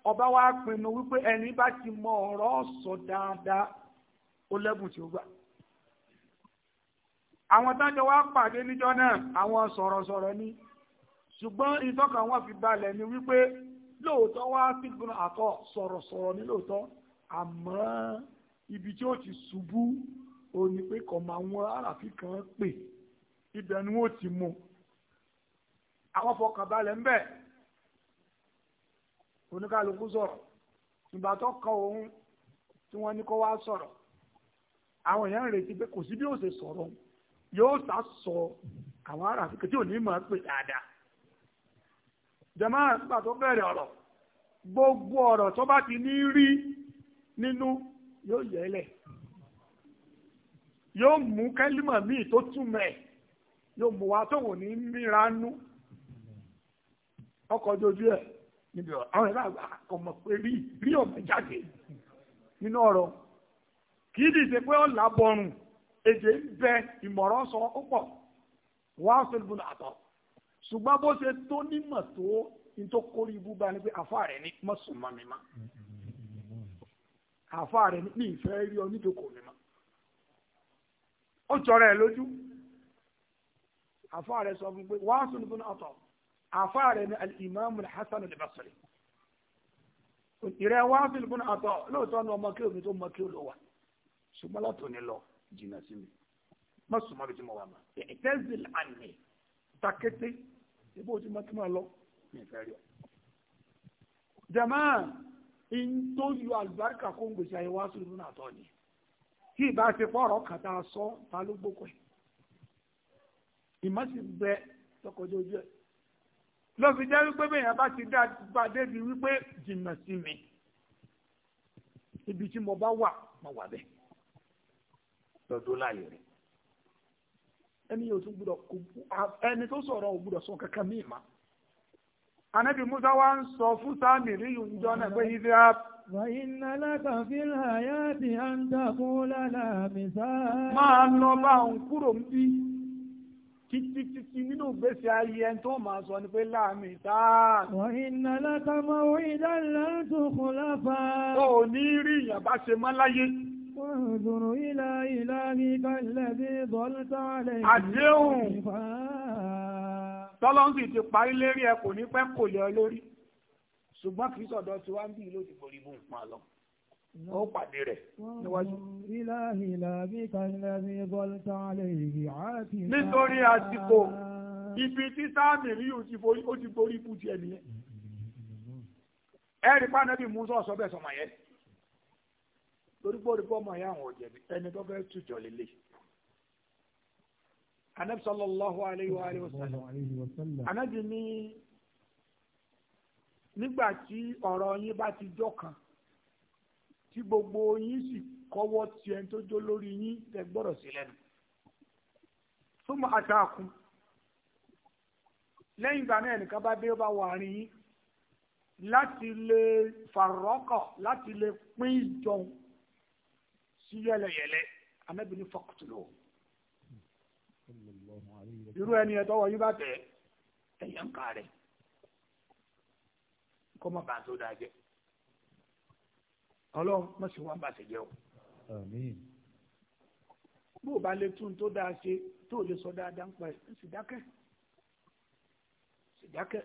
ọba wa pinnu wípé ẹni bá ti mọ ọ̀rọ̀ sọ dáadáa ó lẹ́bùn tí ó gbà àwọn tájọ wá pàdé níjọ́ náà àwọn sọ̀rọ̀sọ̀rọ̀ ni ṣùgbọ́n ìtọ́ka wọn fi balẹ̀ ni wípé lóòótọ́ wá sígun àtọ̀ sọ̀rọ̀sọ̀rọ̀ ni lóòótọ́ àmọ́ ibi tí ó ti ṣubú ó ní pé kò máa wọn àràfi kan pè ibẹ̀ ni wọ́n ti mú àwọn fọkànbalẹ̀ ń bẹ̀ oníkàlùkù sọ̀rọ̀ ìgbà tó kọ òun tí wọ́n ní kó wá sọ̀rọ̀ àwọn èèyàn retí pé kò sí bí ó ṣe sọ̀rọ̀ yóò sá sọ àwọn àràfi kan ò ní máa pè dáadáa jẹ̀máà nígbà tó bẹ̀rẹ̀ ọ̀rọ̀ gbogbo ọ̀rọ̀ tó bá ti ní rí nínú yóò yẹlẹ̀ yóò mú kẹ́límà míì tó túmọ̀ ẹ̀ yóò mú wa tóun ní míra nú ọkọ̀ e ẹ̀ níbi àwọn ẹ̀rọ àgbà ọmọ pé rí rí ọmọ jáde nínú ọ̀rọ̀ kì í dìde pé ọ̀là bọ̀rùn èdè ń bẹ ìmọ̀ràn sọ ó pọ̀ wá sílùbùn àtọ̀ ṣùgbọ́n bó ṣe tó nímọ̀ tó ní tó kórìí bú bá pé àfa rẹ̀ ní ìfẹ́ rí ọ nídòkò rẹ̀ mọ́ ó jọra ẹ̀ lójú àfa rẹ̀ sọ fún pé wàá sọ nípa ọ̀tọ̀ àfa rẹ̀ ní alimami hasan al-basri ìrẹ́ wàá sọ nípa ọ̀tọ̀ lóòótọ́ ní ọmọ kéwòn tó mọ kéwòn ló wà ṣùgbọ́n látò ní lọ jìnnà sí mi má sùnmọ́ bí tí mo wà mọ́ ìtẹ́síl àmì takété ìbò tí mo ti máa lọ ní ìfẹ́ rí ọ. jamaa in tó yọ àlùbáríkà kó ń gbèsè ayé wá sórí náà tọ́ ni kí ìbá ti fọ́ọ̀rọ̀ kàtà sọ ta ló gbókò ẹ̀ ìmọ̀sí bẹ tọkọjọ ojú ẹ̀ ló fi jẹ́ wípé bẹ́ẹ̀ yẹn bá ti dá bá débi wípé jìnnà sí mi ibi tí mo bá wà mo wà bẹ́ẹ̀ lọ́dún láàyè rẹ̀ ẹni yóò tún gbúdọ̀ ẹni tó sọ̀rọ̀ ò gbúdọ̀ sọ kankan míì máa anabi musa wa ń sọ fún sáàmì rí ìjọ náà pé ife á. wàyínà lákàfin àyàtì à ń dàkú lálà lọ bá òun kúrò ń bí títí nínú ìgbésí ayé ẹni tó máa sọ ni pé láàmì sáà. wàyínà lákàmọ́ ìdálà tó kù láfa. ó ní rí ìyàn bá ṣe mọ́ láyé. وانظر إلى إلهك الذي ضلت عليه. àdéhùn tọ́lọ́n sì ti parí lérí ẹ kò ní pẹ́ kò lé ọ lórí ṣùgbọ́n kì í sọ̀dọ̀ tí wá ń bí ló ti borí bó nǹkan lọ ó pàdé rẹ̀ níwájú. nítorí àsìkò ibi tí sáàmì rí ó ti borí bú tiẹ̀ nìyẹn ẹ̀rí pàdánù musa ọ̀sọ́ bẹ́ẹ̀ sọmọ yẹn torí pé orí pọ́ ọmọ yẹn àwọn òjẹ̀bi ẹni tó fẹ́ tùjọ́ lélẹ̀ anabi sallallahu alayhi wa alayhi wa sallam anabi ní nígbà tí ọ̀rọ̀ yín bá ti jọ kan tí gbogbo yín sì kọ́wọ́ tí ẹni tó jó lórí yín tẹ gbọ́dọ̀ sí lẹ́nu súnmọ àtàkùn lẹ́yìn ìgbà náà nìkan bá dé ó bá wà rìn yín láti lè fàrọkọ láti lè pín ìjọun sí yẹlẹyẹlẹ anábìíní fọkùtù lóhùn irú ẹni ẹ tọwọ́ yín bá tẹ̀ ẹ̀yàn ń ká rẹ̀ kọ́ mọ̀ bá tó dáa jẹ́ ọlọ́run mọ̀ sí wọn bá ti jẹ́ o. bó o bá lè tún tó dáa ṣe tó o lè sọ dáadáa ń pa ẹ̀ ń sì dákẹ́ sì dákẹ́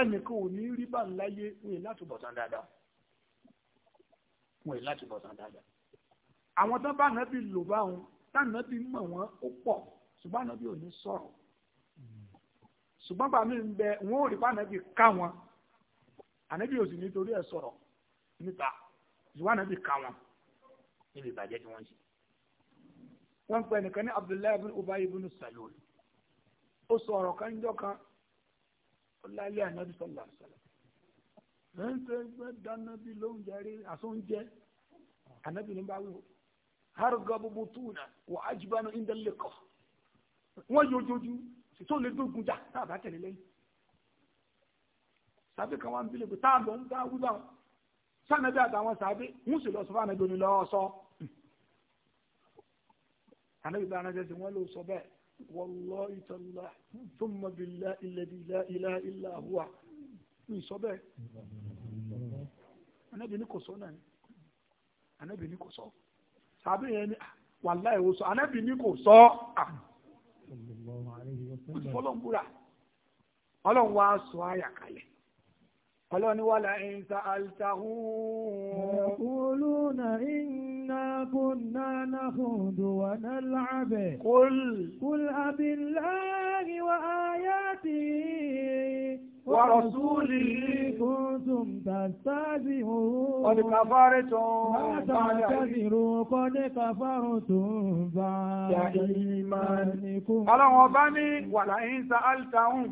ẹnìkan ò ní rí bá ń láyé wọn yìí láti bọ̀tán dáadáa wọn yìí láti bọ̀tán dáadáa àwọn tó bá nàbí lò bá wọn tá nàbí mọ̀ wọn ó pọ̀ ṣùgbọ́n nàbí ò ní sọ̀rọ̀ ṣùgbọ́n bàmí ń bẹ wọn ò rí pa ànábì ká wọn ànábì ò sì nítorí ẹ̀ sọ̀rọ̀ níta ṣùgbọ́n ànábì ká wọn níbi ìbàjẹ́ tí wọ́n ṣe. wọ́n pẹ́ nìkan ní Abdullahi ibn ibn Salul ó sọ kan jọ kan ọláìlẹ̀ ànábì sọ̀lá sọ̀lá ẹ̀ ń tẹ́ dáná bí lóúnjẹ rí àsóúnjẹ o harga na wa ajibana tó lè dógun jà tá a bá tẹ̀lé lẹ́yìn sàbí kan wá ń bílẹ̀ pé tá a lọ ń dá wíwá sànàbí àtàwọn sàbí ń sì lọ sọ fún ànàbí omi lọ́wọ́ sọ ànàbí bá anájẹ́ sí wọ́n ló sọ bẹ́ẹ̀ wallahi tallahi thumma billahi alladhi la ilaha ń sọ bẹ́ẹ̀ ànàbí ní kò sọ náà ni ànàbí ní kò sọ sàbí yẹn ni ah, wàláhì ó sọ ànàbí ní kò sọ ah ó ti fọlọ́ búra ọlọ́run wá sọ àyà kalẹ̀ ọlọ́run ni wàhálà ẹ̀ǹsà àlìtàhùn. ọ̀pọ̀lù náà iná kò náà fòǹdò wà náà láàbẹ̀. kúl. kúl láàrin wa ayá ورسوله كنتم تستهزئون قد كفرتم بعد تستهزئوا قد كفرتم بعد sa altaun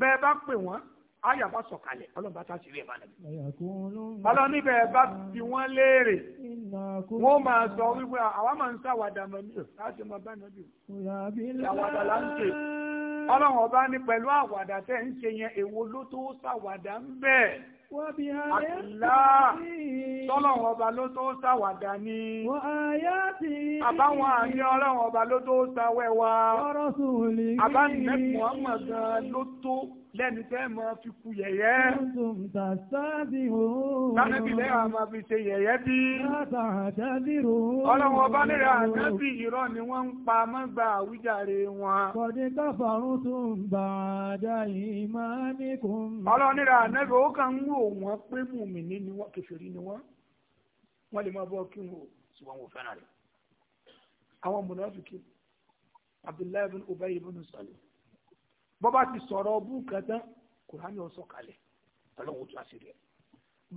bẹ́ẹ̀ bá pè wọ́n àyà bá sọ̀kalẹ̀ ọlọ́run bá sáà sílẹ̀ ìbànú. ọlọ́run níbẹ̀ bá fi wọ́n léèrè wọ́n máa sọ wípé àwa ọlọ́run ọba ní pẹ̀lú àwàdà tẹ́ ń ṣe yẹn èwo ló tó ṣàwàdà ń bẹ̀. àtìlá tọ́lọ́run ọba ló tó ṣàwàdà ni. àbáwọn àmì ọlọ́run ọba ló tó ṣàwẹ́wà. àbá nìmẹ́kùn ọmọ gan ló tó lẹ́nu tẹ́ mọ fi ku yẹ̀yẹ́. Lánàbí lẹ́yìn àmọ́ fi ṣe yẹ̀yẹ́ bí. Ọlọ́run ọba nírà ànábì irọ́ ni wọ́n ń pa mọ́gbà àwíjàre wọn. Kọ̀dé káfàrún tó ń bà dá ìmáníkùn. Ọlọ́run nírà ànábì ó kàn ń wò wọ́n pé mùmìnì ni wọ́n kèfèrí ni wọ́n. Wọ́n lè máa bọ́ kí wọn ò sì wọ́n wò fẹ́ràn rẹ̀. Àwọn mùnàfíkì Abdullahi bin Ubay bin Salim bọ́bá ti sọ̀rọ̀ ọbú kẹtàn kùránì ọ̀sọ̀ kalẹ̀ ọlọ́run ojú àṣírí rẹ̀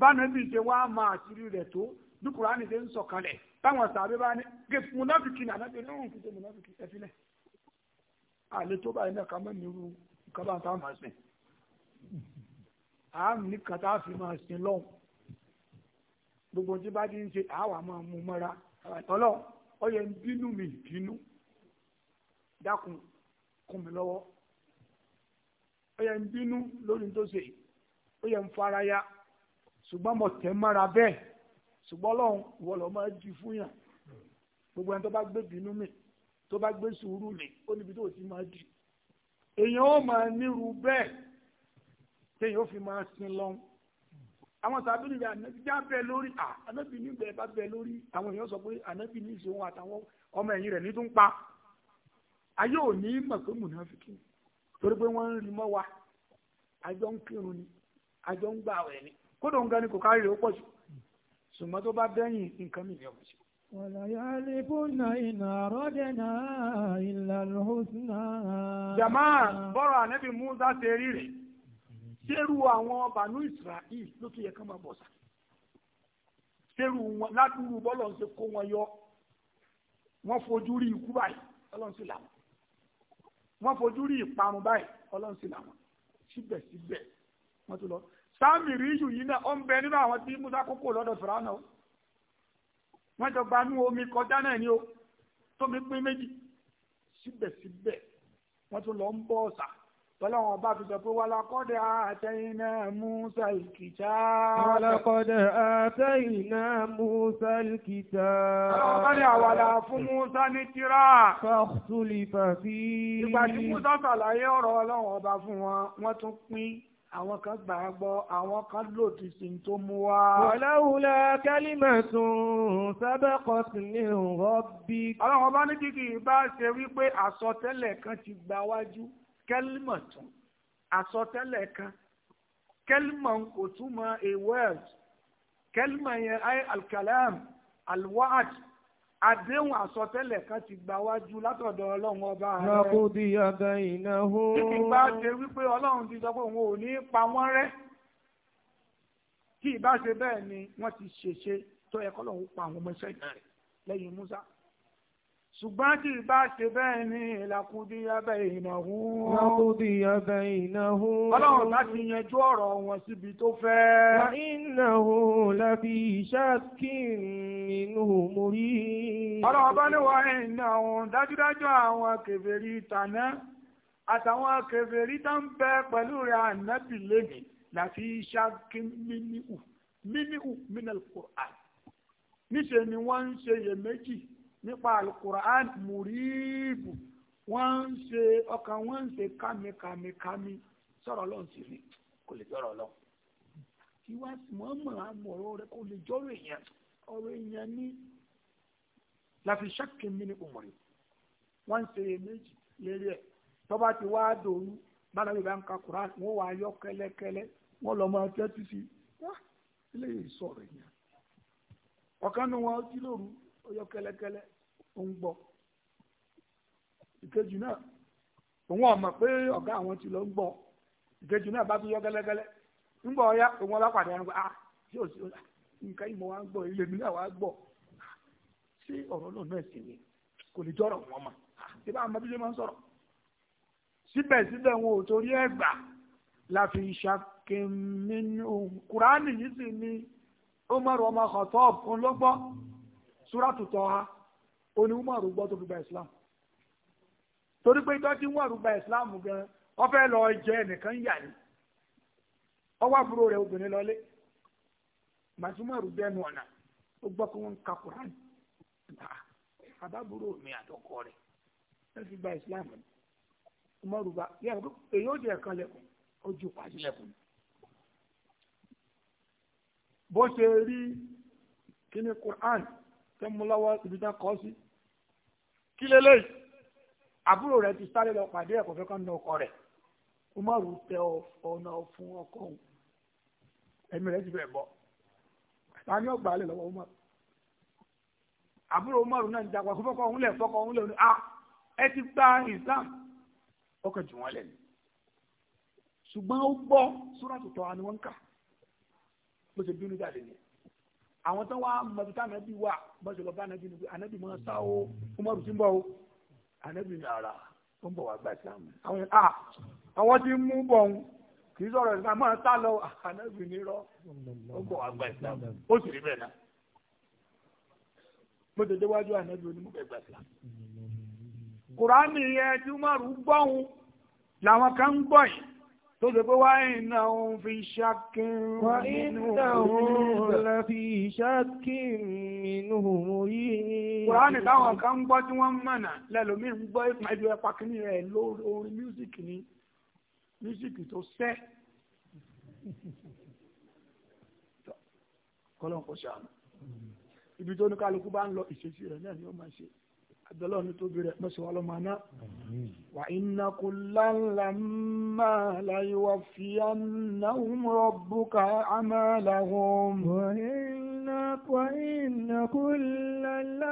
bánu bí ṣe wá máa àṣírí rẹ̀ tó bí kùránì ṣe ń sọ̀ kalẹ̀ táwọn sàbẹ̀ bá ní ké munafiki ní anábì náà fi ṣe munafiki ẹ filẹ̀ àlẹ́ tó báyìí náà ká mọ́ mi rú nǹkan bá ń máa sìn àá ní kàtá fi máa sìn lọ́hùn gbogbo tí bá ti ń ṣe àá wà máa mú mọ́ra ọlọ́run ọyẹ ń bínú mi bínú dákun kún mi lọ́wọ́ ó yẹ ń bínú lórí tó ṣe ó yẹ ń faraya ṣùgbọ́n mo tẹ̀ mọ́ra bẹ́ẹ̀ ṣùgbọ́n Ọlọ́run wọ́n lọ́ máa jí fún yàn gbogbo ẹni tó bá gbé bínú mi tó bá gbé sùúrù mi ó níbi tó ti máa di èèyàn ó máa nírú bẹ́ẹ̀ téèyàn ó fi máa sin lọ́n àwọn tàbí níbi ànábi bẹ lórí à ànábi nígbà ẹ bá bẹ lórí àwọn èèyàn sọ pé ànábi ní ìṣòwò àtàwọn ọmọ ẹ̀yìn rẹ̀ ní tó ń pa ayé ò mọ̀ pé mùnàfíkì ni torí pé wọ́n ń rí mọ́ wa àjọ ń kírun ni àjọ ń gbà wẹ̀ ni kódà ń gani kò kárí rẹ̀ ó pọ̀ jù ṣùgbọ́n tó bá dẹ́yìn nǹkan mìíràn ọ̀hún sí. Wàlàyálébùnà iná rọ́dẹ̀nà ìlànà òsínà. Jàmá bọ́rọ̀ ànẹ́bí Musa ṣe rí rẹ̀. Ṣérú àwọn Bànú Ìsìràìl ló tún yẹ ká máa bọ̀ sá. Ṣérú wọn ládùúgbò bọ́lọ̀ ń ṣe kó wọn yọ. Wọ́n fojú rí ikú báyìí. Ọlọ́run sì làwọn wọ́n fojú rí ìparun báyìí ọlọ́run sì làwọn síbẹ̀síbẹ̀ wọ́n tún lọ sáàmì ríṣù yìí náà ó ń bẹ nínú àwọn tí musa kókó lọ́dọ̀ fìràwọn náà wọ́n jọ gba inú omi kọjá náà ni ó tómi pín méjì síbẹ̀síbẹ̀ wọ́n tún lọ ń bọ ọ̀sà tọ́lọ́wọ́n bá fi sọ pé wà lákọ́dẹ̀ àtẹ́yìnà Musa ìkìtà. wà lákọ́dẹ̀ àtẹ́yìnà Musa ìkìtà. ọlọ́kọ́dẹ̀ àwàlà fún Musa ní tírà. fàkùtùlì fàfi. ìgbà tí Musa ṣàlàyé ọ̀rọ̀ ọlọ́wọ́n ọba fún wọn wọ́n tún pín àwọn kan gbà á gbọ́ àwọn kan lòdì sí ní tó mú wá. wàláwùlà kálímẹ̀tún sábẹ́kọ̀tì ní rọ́bì. ọlọ́run ọba ní kíkì bá ṣe wípé àsọtẹ́lẹ̀ kan ti gbáwájú kẹ́límọ̀ tún àsọtẹ́lẹ̀ kan kẹ́límọ̀ kò túmọ̀ a word kẹ́límọ̀ yẹn ayé alkalam alwaad àdéhùn àsọtẹ́lẹ̀ kan ti gba wájú látọ̀dọ̀ ọlọ́run ọba rẹ̀. lábòdì àgbà ìnáwó. títí bá ṣe wípé ọlọ́run ti sọ pé òun ò ní pa wọ́n rẹ́ tí ìbá ṣe bẹ́ẹ̀ ni wọ́n ti ṣèṣe tó yẹ kọ́lọ́run pa àwọn ọmọ iṣẹ́ ìdá rẹ̀ lẹ́yìn Musa ṣùgbọ́n tí bá ṣe bẹ́ẹ̀ ni ìlàkúdí abẹ́ ìnáwó. lákúdí abẹ́ ìnáwó. ọlọ́run láti yanjú ọ̀rọ̀ wọn síbi tó fẹ́. wà ìnáwó lábí ṣáàkìn inú mórí. ọlọ́run bá ní wà ìnáwó dájúdájú àwọn kèfèrí tàná àtàwọn kèfèrí tó ń bẹ pẹ̀lú rẹ̀ ànábì lẹ́nu láti ṣáàkìn mímíhù mímíhù mínàlùkù àì. níṣẹ́ ni wọ́n ń ṣe iyèméjì nípa alukur'an mùríìbù wọ́n ń ṣe ọkàn wọ́n ṣe kámikàmikàmi sọ̀rọ̀ lọ́n sì rí kò lè jọ̀rọ̀ lọ. ìwà mọ̀ọ́mọ̀ àmọ̀rọ̀ rẹ kò lè jọ̀rọ̀ èèyàn ọ̀rọ̀ èèyàn ní láfi ṣáàkì mi ní òmùrè wọ́n ń ṣe méjì lérí ẹ̀ tọ́ba ti wá dòru bára yorùbá ń ka kuran wọ́n wà á yọ kẹ́lẹ́kẹ́lẹ́ wọ́n lọ́ máa tẹ́tí sí wá ilé yìí sọ̀rọ̀ èèyàn ọ̀kan nu wọn jí lóru ó yọ kẹ́lẹ́kẹ́lẹ́ ó ń gbọ́ ìkejì náà òun ọmọ pé ọ̀gá àwọn ti lọ ń gbọ́ ìkejì náà bá tún yọ gẹ́lẹ́gẹ́lẹ́ ń ọ̀yá òun ọlọ́pàá ah, ò sí nǹkan ìmọ̀ wa ń gbọ́ ilé mi náà wa gbọ́ ah, ọ̀rọ̀ náà náà sì ni kò lè ah, bá máa ń sọ̀rọ̀ síbẹ̀síbẹ̀ wọn ò torí ẹ̀ gbà kùránì yìí sì ni ó ní umaru gbọ́ tó fi gba islam torí pé dọ́kí umaru gba islam gan ó fẹ́ lọ jẹ ẹnìkan yà ní ọwọ́ àbúrò rẹ̀ obìnrin lọlé màtí umaru dẹnu ọ̀nà ó gbọ́ kí wọ́n ń ka Kùránì àbábúrò mi àtọkọ fi gba islam ni umaru bá èyí ó jẹ ẹ̀kan lẹ́kùn ó ju pàṣẹ lẹ́kùn bó ṣe rí ibi tá a kọ́ kí leléyìí àbúrò rẹ̀ ti sáré lọ pàdé ẹ̀kọ́ fẹ́ kán na ọkọ rẹ̀ umaru tẹ ọ̀nà fún ọkọ òun ẹ̀mí rẹ̀ ti bẹ̀ bọ́ ta ni ọgbà alẹ́ lọ́wọ́ umaru àbúrò umaru náà ń dàgbà kó fọ́kọ òun lẹ̀ fọ́kọ òun lẹ̀ ah ẹ ti gba islam ọkọ̀ jù wọ́n lẹ̀ ni ṣùgbọ́n ó gbọ́ sóràtútọ̀ àni wọ́n ń kà bó ṣe bínú jáde nìyẹn àwọn tó wá mọ̀tò tá ànábì wà bọ́sẹ̀ lọ bá ànábì ni pé ànábì máa sá o Umaru ti ń bọ̀ o ànábì ni ara tó ń bọ̀ wá gba ìsìlámù àwọn yẹn ah àwọn ti mú bọ̀ ń kì í sọ̀rọ̀ ìsìlámù máa sá lọ ah, ànábì ni rọ tó ń bọ̀ wá gba ìsìlámù ó sì rí bẹ́ẹ̀ náà mo tètè wájú ànábì onímọ̀ bẹ́ẹ̀ ìsìlámù. Kùránì yẹn tí Umaru gbọ́hùn làwọn kan ń gbọ́ yìí tó ṣe pé wáyé náà ń fi ṣákin nínú nínú orin mísíkì ni mísíkì tó sẹ́ kọ́lọ́n kò ṣàánú ibi tó ní kálukú bá ń lọ ìṣesí rẹ̀ náà ni ó máa ṣe abdullah ní tóbi rẹ̀ pèsè wọn lọ́mọ aná. wà iná kò láńlá máa láyé wá fi ànáhùn rọ̀bùkà àmàlàhùn. wà iná kò iná kò láńlá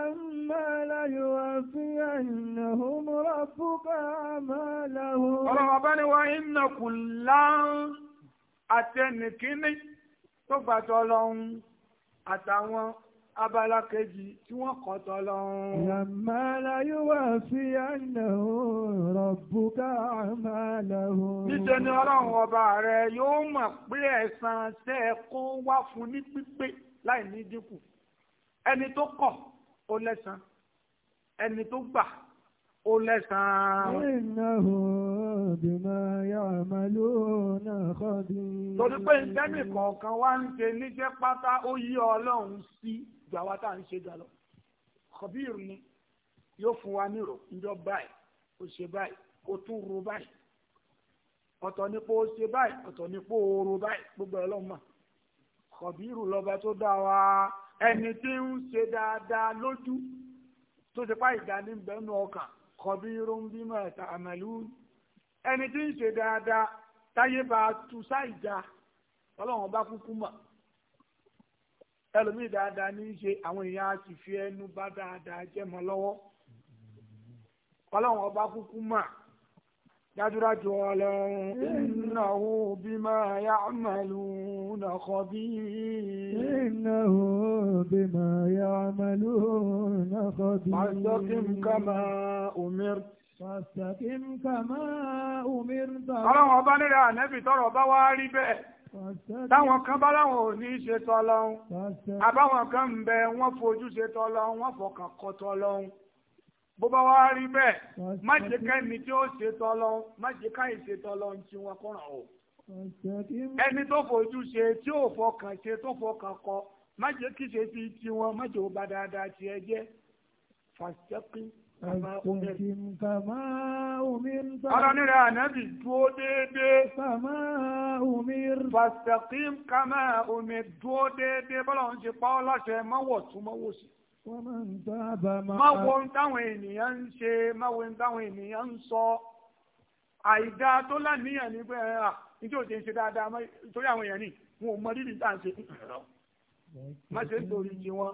máa láyé wá fi ànáhùn rọ̀bùkà àmàlàhùn. ọlọ́run ọba ni wà iná kò láńlá àtẹnìkíní tó gbàtọ́ lọ́hún àtàwọn abala kejì tí wọ́n kọ́ tọ́ lọ́rùn. Yàmá láyé wà sí àná rọ̀bùkà àmàlàhù. Níṣẹ́ ni ọlọ́run ọba rẹ̀ yóò mọ̀ pé ẹ̀san tẹ́ ẹ kó wá fún ní pípé láì ní dínkù. Ẹni tó kọ̀ ó lẹ́san. Ẹni tó gbà ó lẹ́sàn-án. bima ya'maluna khabir. Torí pé ìdẹ́nì kọ̀ọ̀kan wá ń ṣe níṣẹ́ pátá ó yí ọlọ́run sí ìgbà tá à ń ṣe jà lọ. ni yóò fún wa nírò ńjọ báyìí, ó ṣe báyìí, ó tún ro báyìí. Ọ̀tọ̀ ni pé ó ṣe báyìí, ọ̀tọ̀ ni pé ó ro báyìí, gbogbo ọlọ́run mọ̀. Khabir lọ́ba tó dá wa ẹni tí ń ṣe dáadáa lójú tó ṣe pá ìdánimọ̀ ẹnu ọkàn khabirun bima ta'malun ẹni tí ń ṣe dáadáa táyé bá a tu sáìjà ọlọ́run bá kúkú mọ̀ ẹlòmíì dáadáa ní í ṣe àwọn èèyàn á sì fi ẹnu bá dáadáa jẹ́ mọ́ lọ́wọ́ ọlọ́run ọba kúkú mà dájúdájú ọlọ́run innahu bima ya'malun. يعملون خبير إنه بما يعملون خبير فاستقم كما أمرت فاستقم كما أمرت ọlọ́run ọba nílẹ̀ ànẹ́bì tọrọ bá wá rí bẹ́ẹ̀ táwọn kan bá láwọn ò ní ṣe tọ́lọ́hún àbáwọn kan ń bẹ wọ́n fojú ṣe tọ́lọ́hún wọ́n fọkàn kọ tọ́lọ́hún bó bá wá rí bẹ́ẹ̀ má jẹ́ ká tí ó ṣe tọ́lọ́hún má jẹ́ ká ìṣe tọ́lọ́hún tí wọ́n kọ́ràn ọ́ ẹni tó fojú ṣe tí ò fọkàn ṣe tó fọkàn kọ má jẹ́ kí ṣe ti tiwọn má jẹ́ ó bá dáadáa tiẹ̀ jẹ́ fàṣẹ́kì. Àkùnkùn kàmá òmìnir. Ọ̀rọ̀ nílẹ̀ ànábì dúó déédéé. Kàmá òmìnir. Fàṣẹ̀kìm kàmá òmìnir dúó déédéé bọ́lá ń ṣe pa ọ́ láṣẹ máwọ̀ tún máwọ̀ sí. Wọ́n máa ń táwọn ènìyàn ń ṣe, máwo ń táwọn ènìyàn ń sọ. Àìdá tó láníyàn nígbà ẹ̀ nítorí òjò ń ṣe dáadáa torí àwọn èèyàn wọn ò mọ rírì tá à ń ṣe má ṣe ń torí ti wọn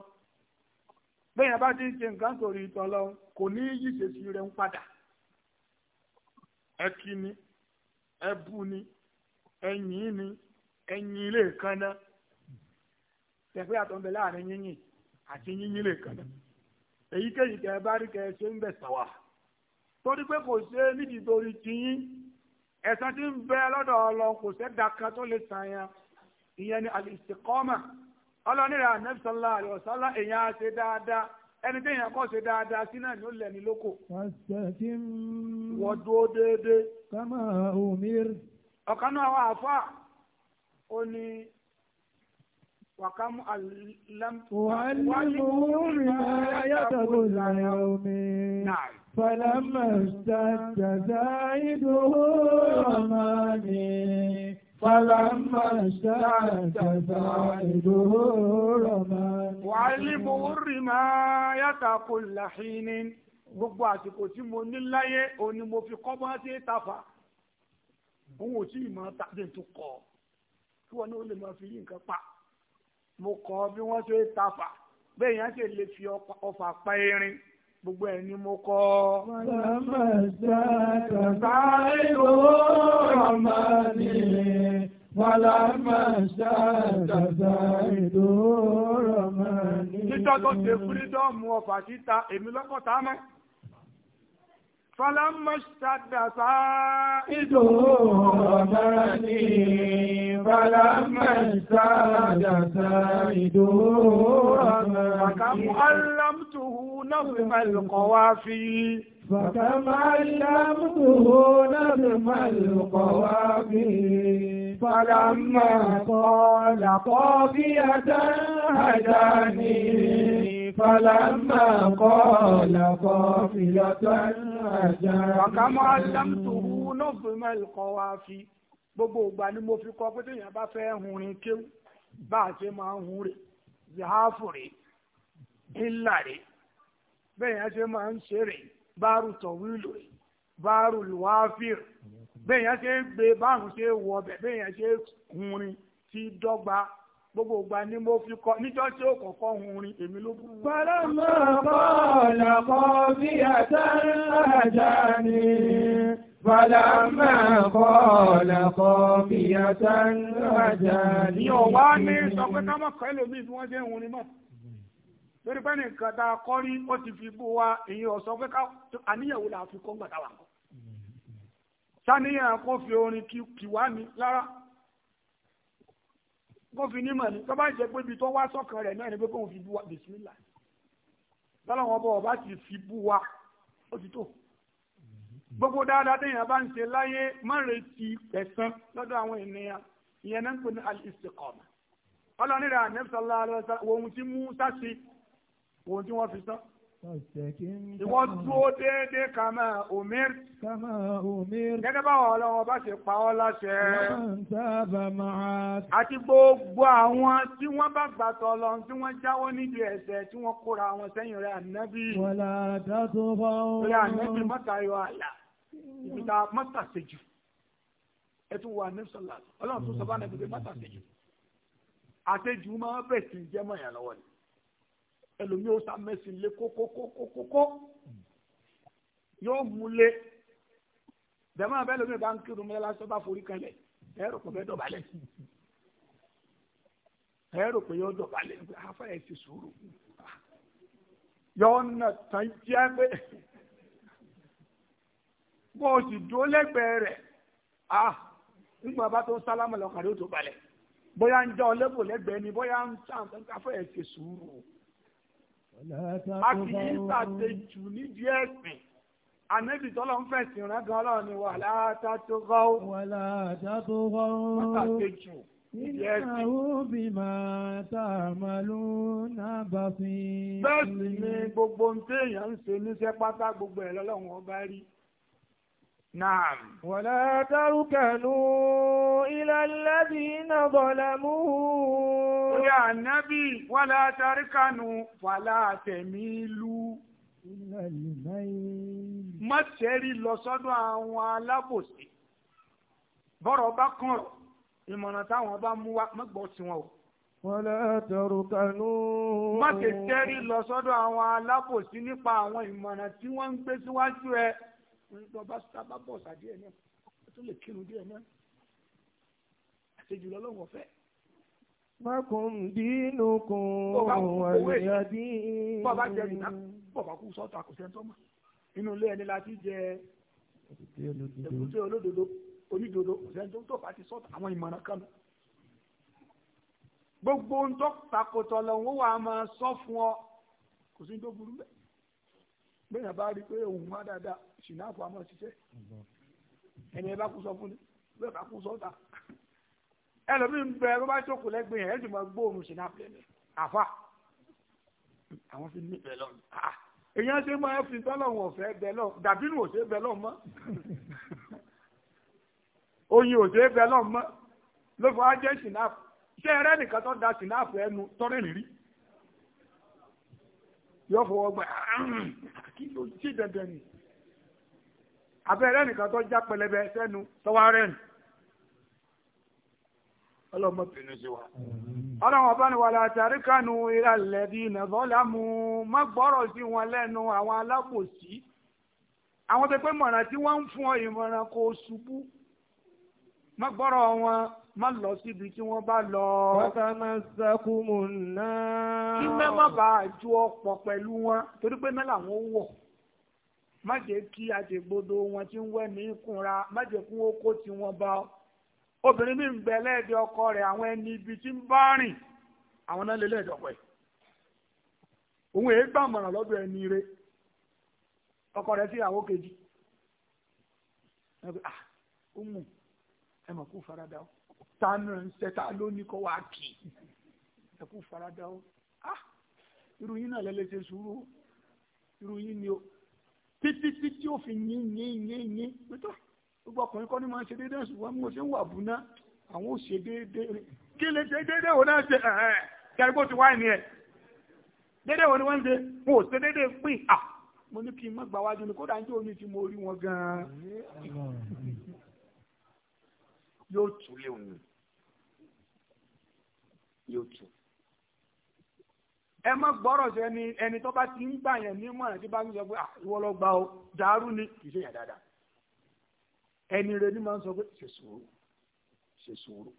bẹ́ẹ̀ bá ti ń ṣe nǹkan torí lọ kò ní yí ń padà ẹ kí ni ẹ bú ni ẹ ni ẹ yìn kan náà tẹ̀fẹ́ láàrin àti ẹ̀san tí ń bẹ lọ́dọ̀ ọlọ kò sẹ́dá kan tó lè sàn ìyẹn ni al-istiqama ọlọ́nìrà Ànábì èèyàn á ṣe dáadáa ẹni tí èèyàn kọ́ ṣe dáadáa sí náà ló lẹ̀ ní lóko. wọ́n dúró déédéé. kama umir. ọ̀kan náà wà á fà ó ní. وكم علمت وعلمهم ما يدخل اليوم نعم فلما اشتد زايده رماني فلما اشتد زايده رماني وعلمه الرماية كل حين gbogbo àsìkò tí mo ní láyé òní mo fi kọ́ bá ṣe òun ò tí ì máa tàbí tó kọ́ kí wọn ní ó lè máa fi yí nǹkan pa mo kọ́ bí wọ́n ṣe tafà bẹ́ẹ̀ yẹn ṣe lè fi ọfà pa erin gbogbo ẹ̀ ni mo kọ́. Màlámà ṣá kàkà ìwò ọ̀mà ni. Màlámà ṣá kàkà ìwò ọ̀mà ni. Títọ́ tó ṣe fúrídọ́ọ̀mù ọ̀fà síta èmi lọ́kọ̀tà mẹ́. Fọlámọ́ṣá dàsá. Ìdòwò ọ̀mà فلما ازداد زاهده فكم علمته نظم القوافي فكم علمته نظم القوافي فلما قال قافية هداني فلما قال قافية هداني فكم علمته نظم القوافي gbogbo ìgbà ni mo fi kọ́ pé téèyàn bá fẹ́ hunrin kéwù bá a ṣe máa ń hun rè zahafu rè rè bẹ́ẹ̀ yẹn ṣe máa ń ṣe rè báàrù tọ̀wílù rè báàrù bẹ́ẹ̀ ṣe gbé ṣe wọ ọbẹ̀ ṣe hunrin gbogbo ni mo fi kọ níjọ́ tí ó hunrin èmi ló Fàlámà kọ́ọ̀lá kọ́ bí a sáré rájà ní. Mi ò wá ní sọ pé ká mọ̀ kọ́ ẹlòmíì bí wọ́n jẹ́ òun ni mọ̀. Torí pé nìkan tá a kọ́ rí ó ti fi bú wa èyí ò pé ká àníyàwó la fi kọ́ ń gbàdá Sáníyàn kò fi orin kì wá mi lára. Kò fi nímọ̀ ni tó bá pé ibi tó wá sọ́kàn rẹ̀ náà ni pé kóun fi bú wa bìsímìlà. Tọ́lọ́wọ́n bọ̀ ọba ti fi bú wa ó ti tó gbogbo dáadáa téèyàn bá ń ṣe láyé má retí ẹ̀san lọ́dọ̀ àwọn ènìyàn ìyẹn náà ń pè ní al-istiqama ọlọ́ni rẹ̀ ànẹ́bí tí Musa ṣe ohun tí wọ́n fi sán. ìwọ dúró déédéé kama umir. kama umir. gẹ́gẹ́ báwọn ọlọ́wọ́ bá ṣe pa ọ́ láṣẹ. wọ́n sábà máa. àti gbogbo àwọn tí wọ́n bá gbàtọ̀ lọ tí wọ́n jáwọ́ nídìí ẹ̀ṣẹ̀ tí wọ́n kóra wọn sẹ́yìn rẹ̀ ànẹ́bí. wọ́n là dá tó fọ́ ibi tá a mọ́tà ṣe jù ẹ tún wà nẹ́bí sọ̀lá ọlọ́run tó sọ bá nẹ́bí pé mọ́tà ṣe jù àṣejù máa bẹ̀ sí jẹ́ mọ̀yàn lọ́wọ́ ni ẹlòmíì ó sá mẹ́sìn lé kókókókókó yóò mú lé dẹ̀mọ́ abẹ́ lómi bá ń kírun mẹ́lá sọ bá forí kan lẹ̀ ẹ rò pé bẹ́ẹ̀ dọ̀bálẹ̀ ẹ rò pé yóò dọ̀bálẹ̀ afẹ́ ẹ̀ sì sùúrù yọ̀ọ́ nà tán jẹ́ pé bó o sì dúró lẹ́gbẹ̀ẹ́ rẹ̀ a ah, nígbà bá tó ń sálámù lọ́kàrí ó tó balẹ̀ bóyá ń jọ lébò lẹ́gbẹ̀ẹ́ ni bóyá ń sàǹtàn káfẹ́ ẹ̀ ṣe sùúrù. a kì nídìí ẹ̀sìn ànábì tọ́lọ́ ń fẹ̀sìn rẹ̀ ọlọ́run ni wà láta tó gọ́ ó. wà tó gọ́ ó. nídìí ẹ̀sìn. ìnáwó bí máa tá a náà bá fi. bẹ́ẹ̀ sì ni gbogbo ń téèyàn ń ṣe níṣẹ́ pátá gbogbo ẹ̀ lọ́lọ́run ọba rí. نعم ولا تركنوا إلى الذين ظلموا يا النبي ولا تركنوا فلا تميلوا إلى الميل má ṣẹ́rí lọ sọ́dọ̀ àwọn alábòsí bọ́rọ̀ bá kàn rọ̀ ìmọ̀ràn táwọn bá mú wá má gbọ́ tiwọn o. wọ́n lè má ṣe lọ sọ́dọ̀ àwọn alábòsí nípa àwọn ìmọ̀ràn tí wọ́n ń gbé síwájú ẹ lọ bá sábà bọ̀ sá díẹ̀ náà ó tún lè kírun díẹ̀ náà àṣejù lọ́lọ́run ọ̀fẹ́. Mákùn dínú kun ọ̀yà dín. Bọ́ọ̀ bá jẹ nìkan, bọ́ọ̀ bá kú sọ́ọ̀tà kò sẹ́ńtọ́ Inú ilé ẹni la ti jẹ èkúté olódodo onídodo kò sẹ́ńtọ́ tó bá ti sọ́ọ̀tà àwọn ìmọ̀ràn kan nù. Gbogbo ń tọ́ takòtò lọ́wọ́ wa máa sọ fún ọ kò sí ní tó burú bẹ́ẹ̀ bẹ́ẹ̀ bá rí i pé òun má dáadáa ṣìnà àpò àmọ́ ṣiṣẹ́ ẹni ẹ bá kú sọ fún ni bẹ́ẹ̀ bá kú sọ́ta ẹlòmíì ń bẹ ẹ bá jókòó lẹ́gbẹ̀ẹ́ yẹn ẹ jù máa gbóòórùn ṣìnà àpò ẹ̀mí àfa àwọn fi nífẹ̀ẹ́ lọ́nà ah, èèyàn ṣe máa fi tọ́lọ́hún ọ̀fẹ́ bẹ dàbínú ò ṣe mọ́ oyin ò ṣe mọ́ ló fọ ajẹ́ ṣìnà ṣé ẹrẹ́ nìkan tó da ṣìnà àpò ẹnu tọ́rẹ́ rírí yóò fọwọ́ gbà ah, kí ló ṣe dandan ni abẹ́rẹ́ nìkan tó já pẹlẹbẹ sẹ́nu tọ́wọ́ rẹ̀ bínú sí wa ọlọ́wọ́n bá ní wàlá àtàríkànú ìrànlẹ̀ bí nàbọ́lámù má gbọ́rọ̀ sí wọn lẹ́nu àwọn alábòsí àwọn tó pé mọ̀ràn tí wọ́n ń fún ọ ìmọ̀ràn kò ṣubú má gbọ́rọ̀ wọn má lọ síbi tí wọ́n bá lọ. Bọ́tàmá sákúmù náà. Kí mẹ́ má bàa ju ọ̀pọ̀ pẹ̀lú wọn torí pé mẹ́là wọn wọ̀. Má jẹ́ kí àjẹgbodò wọn tí ń wẹ̀ ní ìkunra má jẹ́ kí wọ́n kó tí wọ́n bá. Obìnrin mi ń bẹ lẹ́ẹ̀dẹ̀ ọkọ rẹ̀ àwọn ẹni ibi tí ń bá rìn àwọn náà lè lẹ́ẹ̀dẹ̀ ọ̀pẹ̀. Òun èé gbàmọ̀ràn lọ́dọ̀ ẹni ire. Ọkọ rẹ̀ sí ìyàwó kejì. Ẹ ah, mọ̀ kú farada o tánú ń sẹ́ta lónìí kọ́ wá kì í farada ó ah irú yín náà lẹ́lẹ́sẹ̀ sùúrù ó irú yín ni ó títí títí ó fi yín yín yín yín pẹ́tọ́ gbogbo ọkùnrin kọ́ ni máa ń ṣe déédéé ṣùgbọ́n mo ṣe ń wà bù náà àwọn ò ṣe déédéé kí lè ṣe déédéé òun náà ṣe ẹ̀ẹ́ kẹrìgbó ti wáyé ni ẹ̀ déédéé òun ni wọ́n ń ṣe wọn ò ṣe déédéé pín à ah! mo ní kí n má gbà wájú ni kódà ń jẹ́ òní tí mo rí wọn gan-an yóò tú léwu ni yóò tú. ẹ má gbọ́rọ̀ sí ẹni ẹni tó bá ti ń gbà yẹn ní mọ̀ràn tí bá ń sọ pé ah, ìwọ lọ gba o dàrú ni kì í ṣe yàn dáadáa ẹni rẹ ni máa ń sọ pé ṣe sùúrù ṣe sùúrù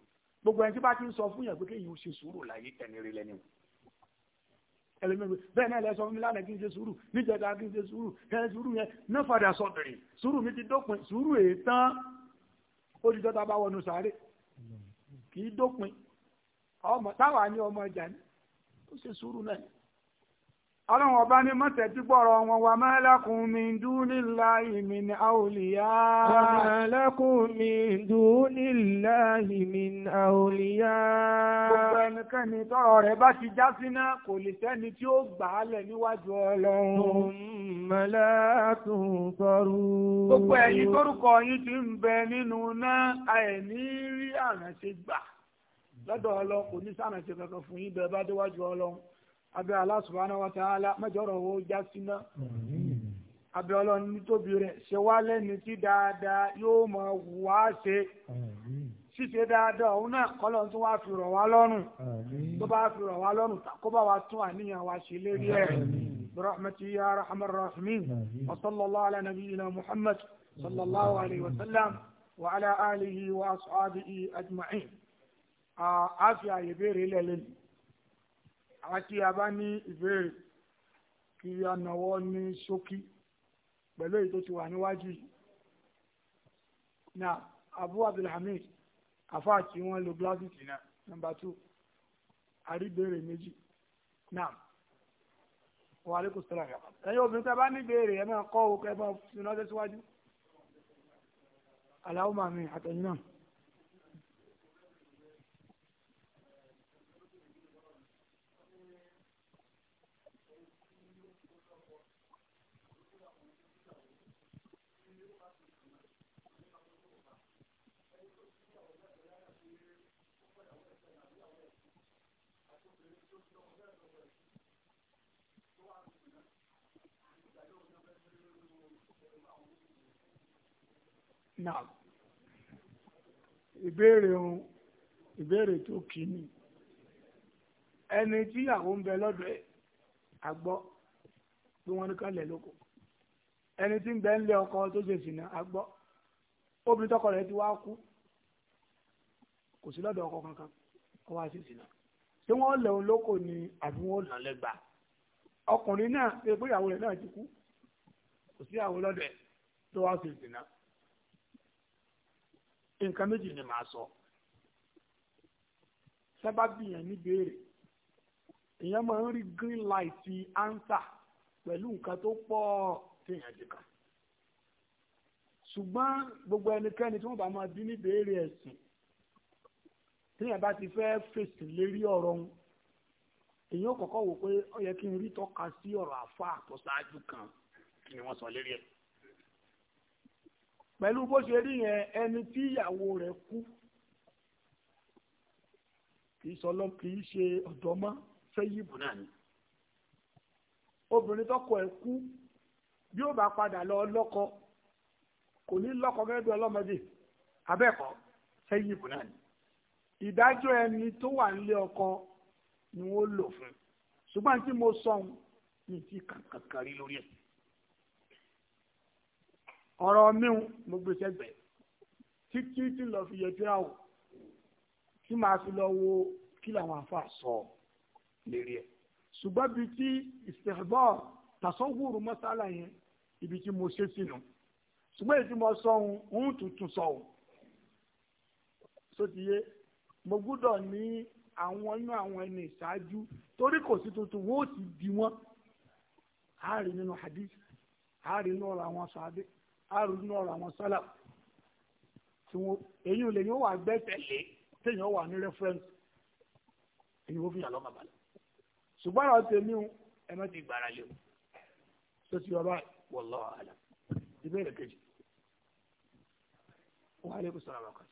gbogbo ẹni tí bá ti ń sọ fún yàn pé kéèyàn ṣe sùúrù láyé ẹni rẹ lẹ́nu ẹlẹmẹgbẹ bẹ́ẹ̀ náà lẹsọ mi lánàá kí n ṣe sùúrù níjẹta kí n ṣe sùúrù ẹ sùúrù yẹn náà padà sọdọrì sùúrù mi ti dópin sùúrù èyí tán ó di dọ́ta bá wọnú sáré mm. kì í dópin ọmọ táwa ní ọmọ ìjà ni ó ṣe sùúrù náà ọlọ́run ọba ní mọ́tẹ̀ tí gbọ́rọ̀ wọn wà máa lákùn mi dúníláì mi ní àòlìyá. wà máa lákùn mi dúníláì mi ní àòlìyá. gbogbo ẹnikẹ́ni tọrọ rẹ̀ bá ti já síná kò lè sẹ́ni tí ó gbà á lẹ̀ níwájú ọlọ́run. mọ̀lá sọ́rù. gbogbo ẹ̀yin tórúkọ yín ti ń bẹ nínú náà àìní rí àrànṣe gbà lọ́dọ̀ ọlọ́run kò ní sàrànṣe kankan fún yín bẹ́ẹ̀ bá déwájú ọlọ́run abẹ́ Allah subhanahu wa ta'ala mẹ́jọ́rọ̀ owó já síná abẹ́ ọlọ́run nítóbi rẹ̀ ṣe wá lẹ́ni tí dáadáa yóò mọ̀ wá ṣe ṣíṣe dáadáa òun náà kọ́lọ́n tó wá fi rọ̀ wá lọ́rùn tó bá fi rọ̀ wá lọ́rùn kó bá wa tún àníyàn wa ṣe lérí ẹ̀ rahmatulahi ya rahman rahimin wa sallallahu ala nabiyyina muhammad sallallahu alayhi wa sallam wa ala alihi wa ashabihi ajma'in a fi àyè béèrè àwọn tí a bá ní ìbéèrè kí a náwó ní ṣókí pẹ̀lú èyí tó ti wà níwájú yìí na abu abdulhamid afa tí wọ́n lo glasses náà nọ́mbà two àríbèrè méjì náà wa aleykum salaam yàrá ẹ̀yin obìnrin tí a bá ní ìbéèrè ẹ̀ máa kọ́ òkè ẹ̀ máa fi náà tẹ̀síwájú aláwọ̀ màmí àtẹ̀yìn náà. náà ìbéèrè ohun ìbéèrè tó kì í ni ẹni tíyàwó ń bẹ lọ́dọ̀ ẹ̀ àgbọ́ pé wọ́n ní kálẹ̀ lóko ẹni tí ń bẹ ń lé ọkọ tó ṣe sìnà àgbọ́ obìnrin tọkọ rẹ̀ ti wá kú kò sí lọ́dọ̀ ọkọ kankan kó wá sí sìnà tí wọ́n lẹ̀ òun lóko ni àbí wọ́n lọ lẹ́gbà ọkùnrin náà ṣe pé ìyàwó rẹ̀ náà ti kú kò sí àwọn lọ́dọ̀ ẹ̀ tó wá sí sìnà nǹkan méjì ni màá sọ sábà bìyàn níbèrè èèyàn máa ń rí green light answer pẹ̀lú nǹkan tó pọ̀ téèyàn ti kàn ṣùgbọ́n gbogbo ẹnikẹ́ni tí wọ́n bá máa bí níbèrè ẹ̀sìn téèyàn bá ti fẹ́ fèsì lérí ọ̀rọ̀ ń èèyàn kọ́kọ́ wò pé ó yẹ kí n rí tọ́ka sí ọ̀rọ̀ àfa àtọ́sáájú ni wọ́n sọ lérí pẹ̀lú bó ṣe rí yẹn ẹni tí ìyàwó rẹ̀ kú kì í sọlọ kì í ṣe ọ̀dọ́ mọ́ fẹ́yì bù náà ni obìnrin tọkọ ẹ̀ kú bí ó bá padà lọ lọ́kọ kò ní lọ́kọ gẹ́gẹ́ bí ọlọ́mọdé abẹ́ẹ̀kọ́ fẹ́yì bù náà ni ìdájọ́ ẹni tó wà nílé ọkọ ni wọ́n lò fún ṣùgbọ́n tí mo sọ ohun ní ti kankan lórí ẹ̀ ọ̀rọ̀ miun mo gbé sẹ́gbẹ̀ títí tí lọ fi yẹ tíra o tí màá fi lọ wo kí làwọn afa sọ lérí ẹ̀ ṣùgbọ́n bíi tí ìṣẹ̀bọ̀ tàṣọ́wúrú mọ́sálà yẹn ibi tí mo ṣe sínú ṣùgbọ́n èyí tí mo sọ ohun ń tuntun sọ ohun sótìyé mo gbúdọ̀ ní àwọn inú àwọn ẹni ìṣáájú torí kò sí tuntun wọ́n ó sì di wọ́n àárín nínú hadith àárín nínú ọ̀rọ̀ àwọn sàádé àrùn nínú ọ̀rọ̀ àwọn sálà tí wọn èyí ò lè yín ó wà gbẹ́sẹ̀lé téèyàn wà ní rẹ́fúrẹ́ǹsì èyí ó fi yà lọ́mọ balẹ̀ ṣùgbọ́n àwọn tèmi ẹ má ti gbára lé o tó ti yọba wallahu alam ìbéèrè kejì wa alaikum salaam àwọn kan.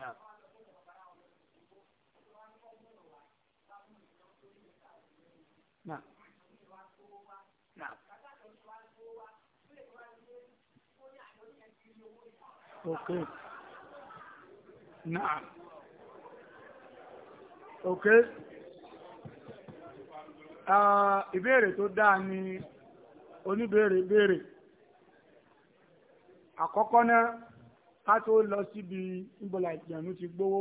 Now. نعم اوكي نعم اوكي ìbéèrè tó ni oníbéèrè béèrè àkọ́kọ́ náà ká tó lọ síbi ìbọ̀là ìjànú ti gbówó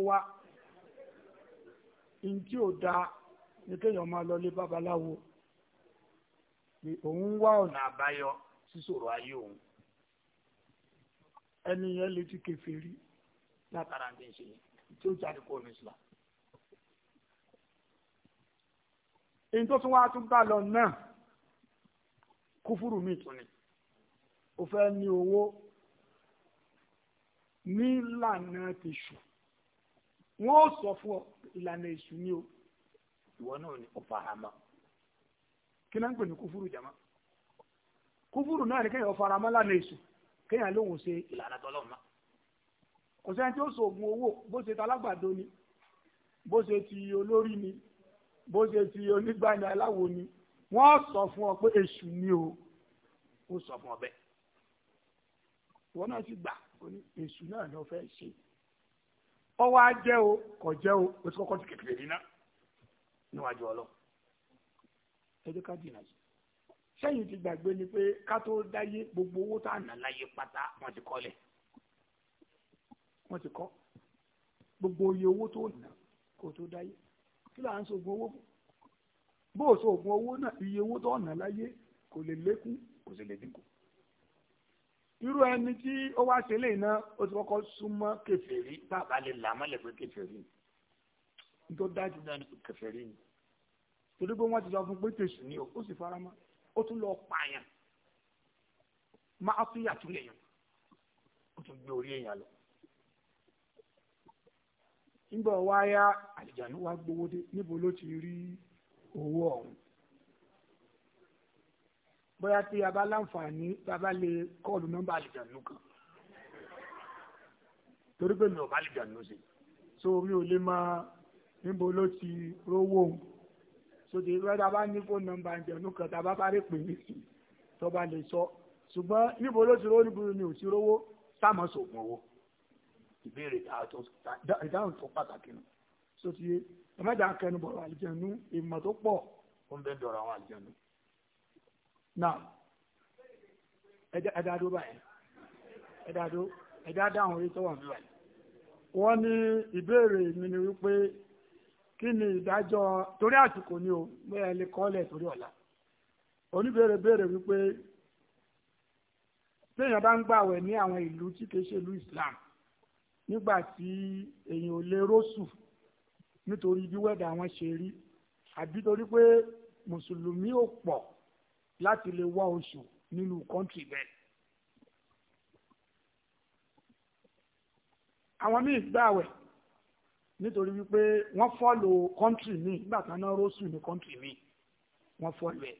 ní kéèyàn máa lọ lé babaláwo pé òun wá ọ̀nà àbáyọ sísọ̀rọ̀ ayé òun ẹni yẹn lè ti kèfèrí látara ní ìṣe tí ó jáde kó ní Islam. èyí tó tún wá tún bá lọ náà kúfúrú mi tún ni ó fẹ́ ní owó nílànà tìṣù wọ́n ó sọ fún ọ ìlànà èṣù ni o ìwọ náà ni ó farama kí náà ń pè ní kúfúrú jama kúfúrú náà ni kéèyàn farama lánàá èṣù kéèyàn lóhùn ṣe ìlànà tọ́lọ́run náà kò sẹ́ni tí ó sògùn owó bó ṣe talágbàdo ni bó ṣe ti olórí ni bó ṣe ti onígbàni aláwo ni wọ́n sọ fún ọ pé èṣù ni o ó sọ fún ọ bẹ́ẹ̀ wọn náà ti gbà ó èṣù náà ni ó fẹ́ ṣe ọwọ́ á jẹ́ o kò jẹ́ o ó kọ́kọ́ ti kékeré ní níwájú ọlọ́run ẹjọ́ ká dìnnà sí sẹ́yìn ti gbàgbé ni pé ká tó dáyé gbogbo owó tá à nà láyé pátá wọ́n ti kọ́lẹ̀ wọ́n ti kọ́ gbogbo iye owó tó nà kó tó dáyé kí là ń sògùn owó bó o sògùn owó náà iye owó tó nà láyé kò lè lékún kò sì lè dínkù irú ẹni tí ó wá ṣe lè ná ó ti kọ́kọ́ súnmọ́ kèfèrí bàbá lè là mọ́lẹ̀ pé kèfèrí ni tó dájú náà ni kèfèrí ni torí pé wọ́n ti sọ fún pé tèṣù ni ó sì fara mọ́ ó tún lọ pààyàn máa tún yàtú lèèyàn ó tún gbé orí èèyàn lọ. nígbà wáyà àlìjánu wá gbowó dé níbo ló ti rí owó ọ̀hún. bóyá tí a bá láǹfààní tá a bá lè kọ́ọ̀lù nọ́mbà àlìjánu kan torí pé mi ò bá àlìjánu ṣe so mi ò lè máa níbo ló ti rówó ọ̀hún sóde lọ́dà bá ní fóònù nọ́mbà ìjẹ̀nu kan tá a bá sáré pè é sí tó bá lè sọ ṣùgbọ́n níbo ló ti rówó níbo ni ò ti rówó sáàmù sògùn owó ìbéèrè ìdáhùn tó pàtàkì nù sóde ẹ̀mẹ́jà kẹnu bọ̀rọ̀ àlìjẹ̀nu ìmọ̀ tó pọ̀ ó ń bẹ́ dọ̀rọ̀ àwọn àlìjẹ̀nu. náà ẹ̀dá dó báyìí ẹ̀dá dó ẹ̀dá dáhùn orí tó wà níbàyìí wọ́n ní ìbéèrè mi ni wípé kí ni ìdájọ́ torí àsìkò ni o bẹ́ẹ̀ lè kọ́lẹ̀ torí ọ̀la oníbèrè béèrè wípé téèyàn bá ń gbàwẹ̀ ní àwọn ìlú tí kìí ṣe ìlú Islam nígbà tí èèyàn ò lè róṣù nítorí bí wẹ́dà wọn ṣe rí àbí torí pé mùsùlùmí ò pọ̀ láti lè wá oṣù nínú kọ́ńtì bẹ́ẹ̀. àwọn míì gbàwẹ̀ nítorí wípé wọ́n fọ́lò kọ́ńtì mi nígbà kan náà rósù ní kọ́ńtì mi wọ́n fọ́lò ẹ̀.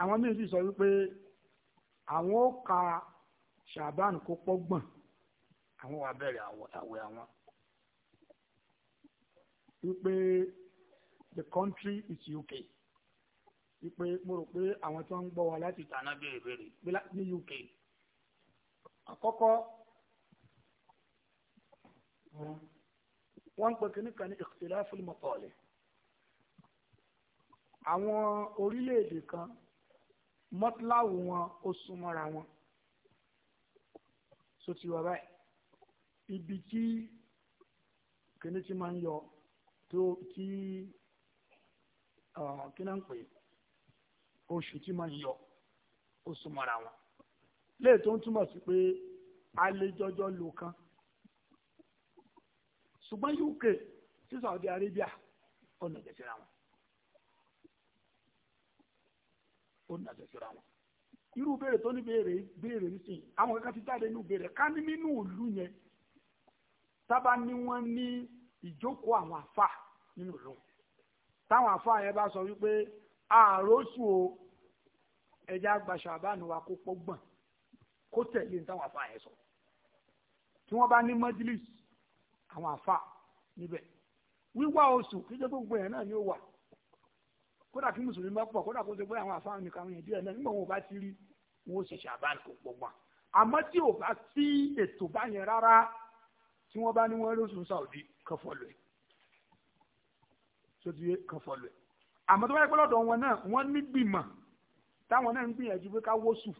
àwọn míì sì sọ wípé àwọn ó ka ṣàbán kó pọ́gbọ̀n àwọn wà bẹ̀rẹ̀ àwẹ̀ àwọn. wípé the country is UK wípé mo rò pé àwọn tí wọ́n ń gbọ́ wa láti tàná béèrè béèrè ní UK àkọ́kọ́. Mm-hmm wọ́n ń pè kínní kan ní ikhtilaful matalih àwọn orílẹ̀-èdè kan mọ́tíláwù wọn ó súnmọ́ra wọn so ti wà báyìí ibi tí kìnní ti máa ń yọ tó tí ah, kí náà ń pè oṣù tí máa ń yọ ó súnmọ́ra wọn léè tó ń túmọ̀ sí pé a jọjọ́ lo kan ṣùgbọ́n UK sí Saudi Arabia ọ̀nà ìjẹsẹ̀ra wọn ọ̀nà ìjẹsẹ̀ra wọn irú béèrè tó ní béèrè béèrè nísìnyí àwọn kankan ti jáde nínú béèrè ká ní nínú ìlú yẹn sábà ní wọ́n ní ìjókòó àwọn àfà nínú ìlú táwọn àfà yẹn bá sọ wípé àròsù o ẹja agbaṣọ àbánu wa kó pọ́gbọ̀n kó tẹ̀lé táwọn àfà yẹn sọ tí wọ́n bá ní mọ́dílìsì àwọn àfa níbẹ̀ wíwá oṣù kí jẹ́ gbogbo yẹn náà ni ó wà kódà kí mùsùlùmí bá pọ̀ kódà kó ṣe pé àwọn àfa nìkan àwọn yẹn díẹ̀ náà nígbà wọn ò bá ti rí wọn ó ṣe ṣàbáàlì kó pọ̀ mọ́ àmọ́ tí ò bá sí ètò bá yẹn rárá tí wọ́n bá ní wọ́n lóṣù Saudi kan fọlù ẹ̀ tó ti yé kan fọlù ẹ̀ àmọ́ tó bá yẹ pé lọ́dọ̀ wọn náà wọ́n ní gbìmọ̀ táwọn náà ń gbìyànjú pé ká wọ́sù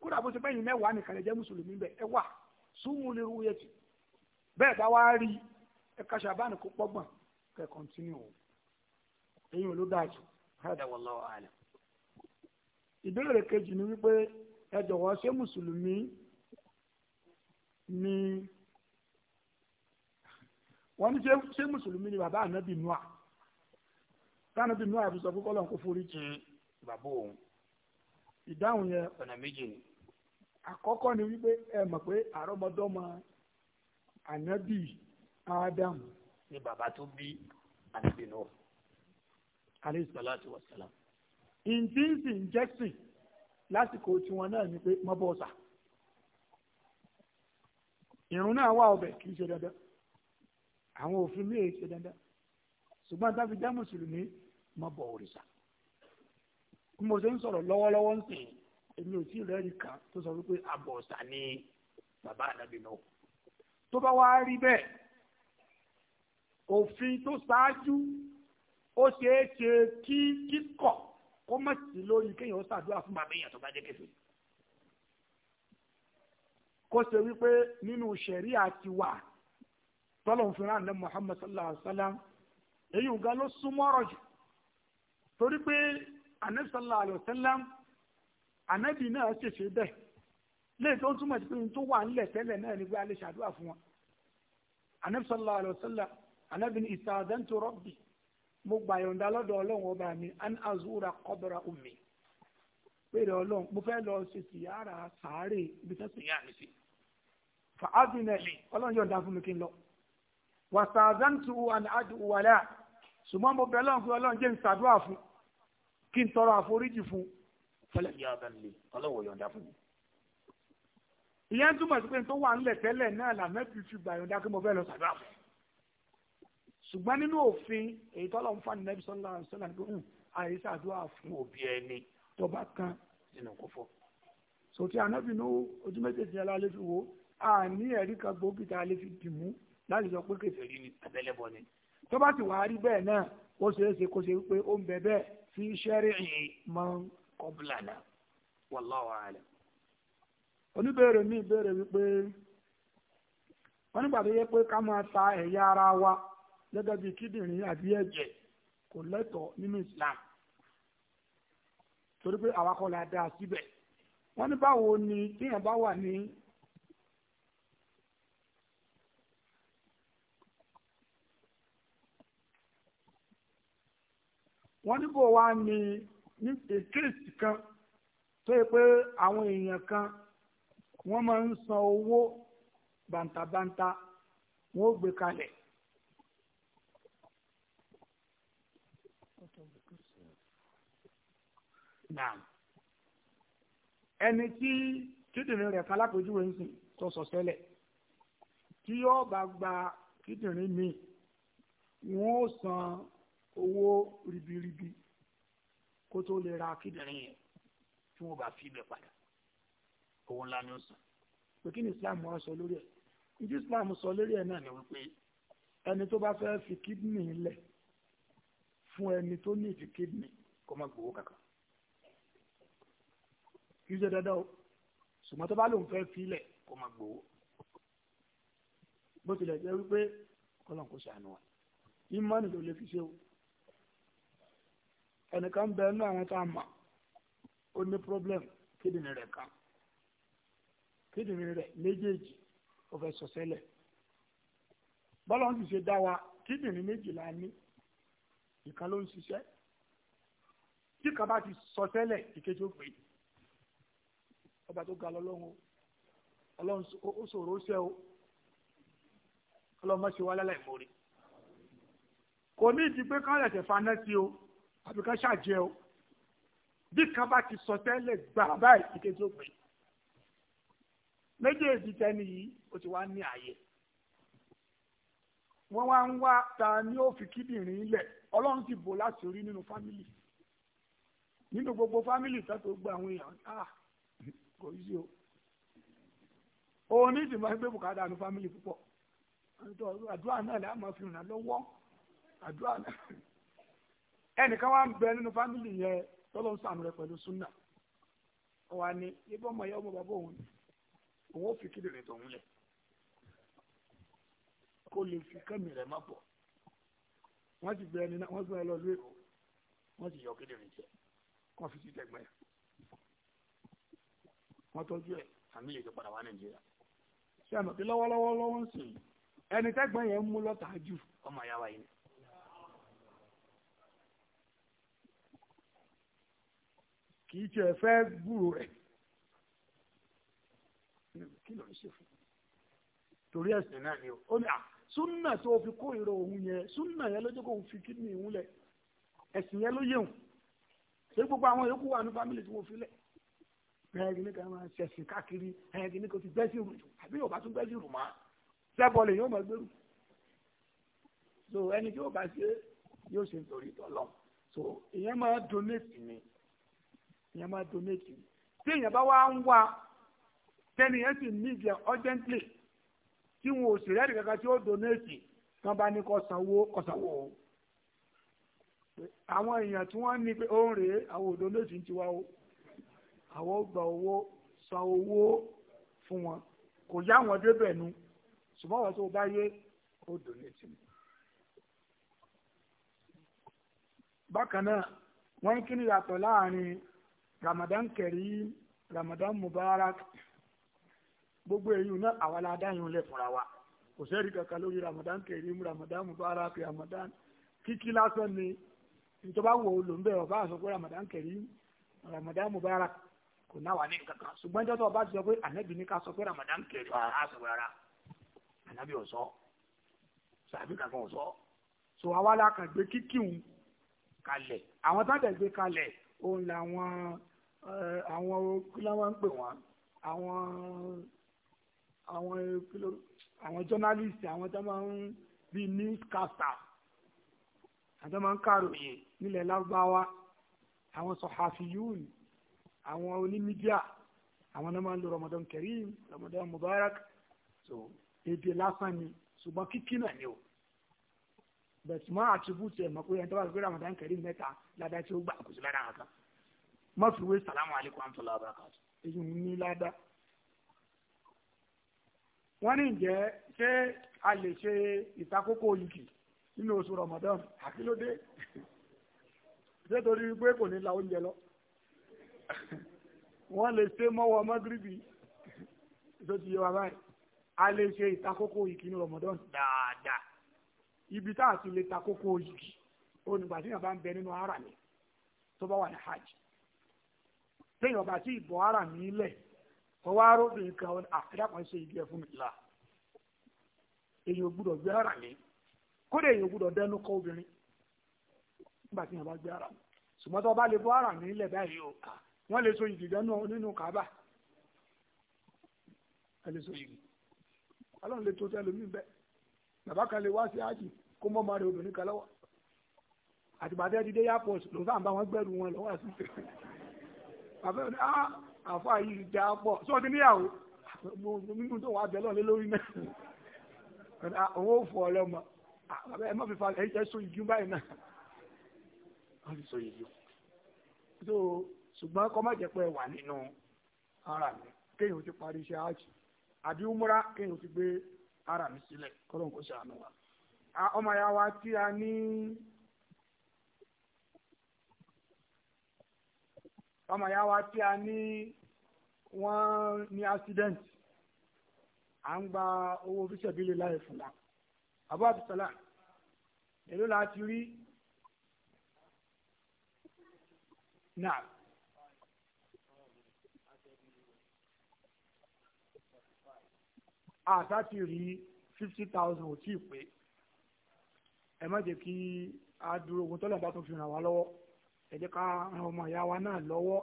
kódà bó ṣe bẹ́yìn mẹ́wàá nìkan lè jẹ́ mùsùlùmí bẹ́ẹ̀ ẹ wà súnmù lè rú yẹtì bẹ́ẹ̀ bá wá rí ẹ̀ka ṣàbánu kó pọ́gbọ̀n kẹ́ kọ́ntínú o ìbéèrè kejì ni wípé ẹ ṣé mùsùlùmí ni wọ́n ní ṣé mùsùlùmí ni bàbá ànábì nua tánábì nua àbí sọ fúnkọ́ lọ́n kó forí bàbá òun ìdáhùn yẹn ọ̀nà méjì ni àkọ́kọ́ ni wípé ẹ mọ̀ pé àrọ́mọdọ́mọ ànábì ádámù ni bàbá tó bí ànábì náà alayhi salatu wa salam ìdíǹsì injection lásìkò tiwọn náà ni pé mọ́bọ́ọ̀sà ìrún náà wà ọbẹ̀ kì í ṣe dandan àwọn òfin mi èyí ṣe dandan ṣùgbọ́n táfi jẹ́ mùsùlùmí mọ́bọ̀ òrìṣà bí mo ṣe ń sọ̀rọ̀ lọ́wọ́lọ́wọ́ ń sìn èmi ò tí ì rẹ́rìí kan tó sọ wípé abọ̀ọ̀sà ni bàbá àdàbí náà tó bá wá rí bẹ́ẹ̀ òfin tó ṣáájú ó ṣeé ṣe kí kíkọ̀ kó má sí lórí kéèyàn ṣàdúrà fún bàbá èèyàn tó bá jẹ́ kẹfẹ́ kó ṣe wípé nínú ṣẹ̀ríà ti wà tọ́lọ̀ ń fi rán Muhammad sallallahu alaihi wa sallam èyí ò ga ló súnmọ́ ọ̀rọ̀ jù torí pé anabi sallallahu alaihi wa sallam anabi náà ṣèṣe bẹ́ẹ̀ léyìí tó ń túmọ̀ sí pé ní tó wà ńlẹ̀ tẹ́lẹ̀ náà ni pé a lè ṣàdúrà fún wọn. anabi sallallahu alayhi wa sallam anabi ni ista'dhantu rabbi mo gbà yọ̀ǹda lọ́dọ̀ ọlọ́run ọba mi an azura qabra ummi pèrè ọlọ́run mo fẹ́ lọ ṣe tìyàrá sàárè ibi tẹ́ sìn yá mi sí. fa azinẹ̀lì ọlọ́run yọ̀ǹda fún mi kí n lọ. wà sàzántu an adu wàlẹ́ à mo bẹ̀ lọ́run fún ọlọ́run jẹ́ n fún kí n tọrọ àforíjì fún fẹlẹ̀ ìyẹn túmọ̀ sí pé tó wà ńlẹ̀ tẹ́lẹ̀ náà làmẹ́tì ti gbà yọ̀ǹda kí mo fẹ́ lọ sàdá fún ṣùgbọ́n nínú òfin èyí tọ́lọ̀ ń fani nẹ́bí sọ́lá sọ́lá nípa ń àyíṣà àdúrà fún òbí ẹni tó bá kan sínú kó fọ́ sòtí ànábì ní ojú méjèèjì ẹlá lè fi wo àní ẹ̀rí kan gbòógì tá a lè fi dì láti sọ pé kèfèrí ni àtẹlẹbọ ni tó bá ti wàá rí bẹ́ẹ̀ náà ó ṣeé ṣe kó ṣe wípé ó ń bẹ bẹ́ẹ̀ fi ṣẹ́rìí mọ́ kọ́bùlànà wallahu a'lam oníbèrè mi ìbéèrè wípé wọ́n nígbà tó yẹ pé ká máa ara wa gẹ́gẹ́ bíi kíndìnrín àbí ẹ̀jẹ̀ kò lẹ́tọ̀ọ́ nínú Islam torí pé àwa kọ́ la dá a síbẹ̀ wọ́n ní báwo ni téèyàn bá wà ní wọ́n kan tó yẹ pé àwọn èèyàn kan wọ́n máa ń san owó bàǹtàbàǹtà wọ́n ó gbé kalẹ̀. ẹni tí kíndìnrín rẹ̀ kan lápèjúwe ń sìn tó sọ sẹ́lẹ̀ tí yóò bá gba kíndìnrín míì wọ́n ó san owó ribiribi kó tó lè ra kíndìnrín yẹn tí wọ́n bá fi ibẹ̀ padà owó ńlá ni ó san pé kí ni islam wọn sọ lórí ẹ̀ ìdí islam sọ lórí ẹ̀ náà ni wípé ẹni tó bá fẹ́ fi kídìnì lẹ̀ fún ẹni tó ní ìdí kídìnì kó má gbowó kankan kì í ṣe dandan o ṣùgbọ́n tó bá lòun fẹ́ fi lẹ̀ kó má gbowó bó tilẹ̀ jẹ́ wípé kọ́lọ́n kò ṣàánú wa ìmọ̀nì ló lè fi ṣe o ẹnìkan bẹ nínú àwọn tá a mọ̀ ó ní problem kídìnrín rẹ̀ kan kíndìnrín rẹ̀ méjèèjì ó fẹ́ sọ sẹ́lẹ̀ bọ́lá ń sì ṣe dá wa kíndìnrín méjìlá ní ìkan ló ń ṣiṣẹ́ tí kan bá ti sọ sẹ́lẹ̀ ìkejì ó pè é ọba tó ga lọ́lọ́run ọlọ́run ó ṣòro ó ṣẹ́ o ọlọ́run mọ́ṣẹ́ wa lálẹ́ ìmọ̀re kò ní ìdí pé kán lẹ̀sẹ̀ faná sí o àbí ṣàjẹ́ o bí kan ti sọ gbà báyìí ìkejì ó pè é. méjèèjì tẹni o ó ti wá ní àyè wọ́n wá ń wá ta ni ó fi kíndìnrín lẹ̀ ti bò láti orí nínú fámìlì gbogbo fámìlì tó gba àwọn èèyàn ah kò yí sí o òun ní ìsìn máa ń gbé bùkátà ní fámìlì púpọ̀ àdúrà náà lè máa fi ràn lọ́wọ́ àdúrà náà ẹnìkan wá ń bẹ nínú fámìlì yẹn tọ́lọ́ ń òun ó fi kíndìnrín tọ̀hún lẹ̀ kó lè fi kẹ́mi rẹ̀ má bọ̀ wọ́n ti bẹ ẹni náà wọ́n sún ẹ wọ́n ti yọ kíndìnrín jẹ wọ́n fi sí tẹ̀gbẹ́ wọ́n tọ́jú ẹ̀ àmì lè ti padà wá nàìjíríà ṣé àmọ̀ pé lọ́wọ́lọ́wọ́ lọ́wọ́ ń sìn ẹni yẹn kí ló ń ṣe fún torí ẹ̀sìn náà ni ó ní à súnà tó fi kó ìró òun yẹn súnà yẹn lójú kó òun fi kídìní ìhun lẹ̀ ẹ̀sìn yẹn ló yé òun ṣé gbogbo àwọn yòókù wà ní fámìlì tí wọ́n fi lẹ̀ bẹ́ẹ̀ kí ni ká máa ṣẹ̀sìn káàkiri ẹ̀ kí ni kò ti gbẹ́sì rù jù àbí yóò bá tún gbẹ́sì rù mọ́ sẹ́bọ̀lì yóò máa gbẹ́rù so ẹni tí yóò bá ṣe yóò ṣe nítorí tọ́lọ́ so ìyẹn máa donate ni ìyẹn máa donate ni tí èèyàn bá wá ń wá tẹ́ni yẹn sì ní ìjẹ osere tí wọn ò sì rẹ́ẹ̀dì kankan tí ó donate kan bá ní o àwọn èèyàn tí wọ́n ní pé ó rèé àwọn ò ń tiwa o àwọn gba owó san owó fún wọn kò yá wọn débẹ̀ nu ṣùgbọ́n tó bá yé ó bákan náà wọ́n yàtọ̀ Ramadan Ramadan Mubarak gbogbo èyí náà àwa la dá yín lẹ̀ fúnra wa kò sẹ́rí kankan lórí Ramadan Kareem Ramadan Mubarak Ramadan kíkí lásán ni ìjọba wo ló ń bẹ ọba àṣọ pé Ramadan Kareem Ramadan Mubarak kò náà wà ní kankan ṣùgbọ́n ìjọba ọba ti sọ pé ànábì ní ká sọ pé Ramadan Kareem rárá sọ rárá ànábì ò sọ sàbí kankan ò sọ so àwa la kàn gbé kíkí òun kalẹ̀ àwọn tájà gbé kalẹ̀ òun làwọn àwọn kí ló ń pè wọ́n àwọn àwọn àwọn journalist àwọn tó máa ń bí newscaster àti máa ń kàròyìn nílẹ̀ lárúbáwá àwọn sọ̀hàfíyún àwọn onímídíà àwọn náà máa ń lo Ramadan Kareem Ramadan Mubarak so èdè lásán ni ṣùgbọ́n kíkí náà ni o bẹ̀sùn máa àtúbùtù ẹ̀ mọ̀ pé ẹni tó bá fi Ramadan Kareem mẹ́ta ládàá tí ó gbà kò sí ládàá kan má fi wé sàlámù alaykum àǹtọ̀lá àbàkàtù èyí ń ní ládàá. wọ́n ní ìjẹ́ ṣé a lè ṣe ìtakókò yìí nínú oṣù Ramadan àkílódé ṣé torí pé kò ní la oúnjẹ lọ wọ́n lè ṣe mọ́wọ́ mọ́gíríbì tó ti yẹ wa báyìí a lè ṣe ìtakókò yìí nínú Ramadan dáadáa ibi tá a ti lè takókò yìí onígbà tí yàn bá ń bẹ nínú ara mi tó hajj téèyàn bá ó wá róbìn kan ó ní àkàdàpọ̀ ah, ṣe ìdí ẹ̀ fún mi là èyàn gbúdọ̀ gbé ara lé kódà èyàn gbúdọ̀ dẹnu kọ obìnrin nígbà tí yàn bá gbé ara ṣùgbọ́n tó bá lè bọ́ ara mi nílẹ̀ báyìí o wọ́n lè so ìdí dánú nínú kábà ẹ lè so ìdí ọlọ́run lè tó sẹ́lómi bẹ́ẹ̀ bàbá kan lè wá sí ájì kó mọ́ máa rẹ obìnrin kan lọ́wọ́ àtìgbàdé dídé airport ló sáà bá wọn gbẹrù wọn lọ́wọ́ àti (laughs) bàbá yìí ah àfọ àyè ìjà pọ̀ tí wọ́n níyàwó nínú tó wà bẹ́ẹ̀ lọ́ọ̀lẹ́ lórí náà òun ò ọlọ́mọ ẹ má fi fa ẹ ìjú báyìí náà wọ́n ti ìjú tó ṣùgbọ́n kọ́ má jẹ́ pé ẹ wà nínú ara mi kéèyàn ti parí iṣẹ́ àbí kéèyàn ti gbé ara mi sílẹ̀ kó wa ọmọ ya wa tí a ọmọ ìyá wa tí a ní wọ́n ní accident à ń gba owó fíṣẹ̀bílì láì fún wa àbú àbùsọ̀là èló la ti rí náà. àṣà ti rí fifty thousand ò tí ì pé ẹ má jẹ́ kí a dúró ogun tọ́lọ̀ bá tún fi ràn wá lọ́wọ́ ẹ jẹ́ ká ran ọmọ ìyá wa náà lọ́wọ́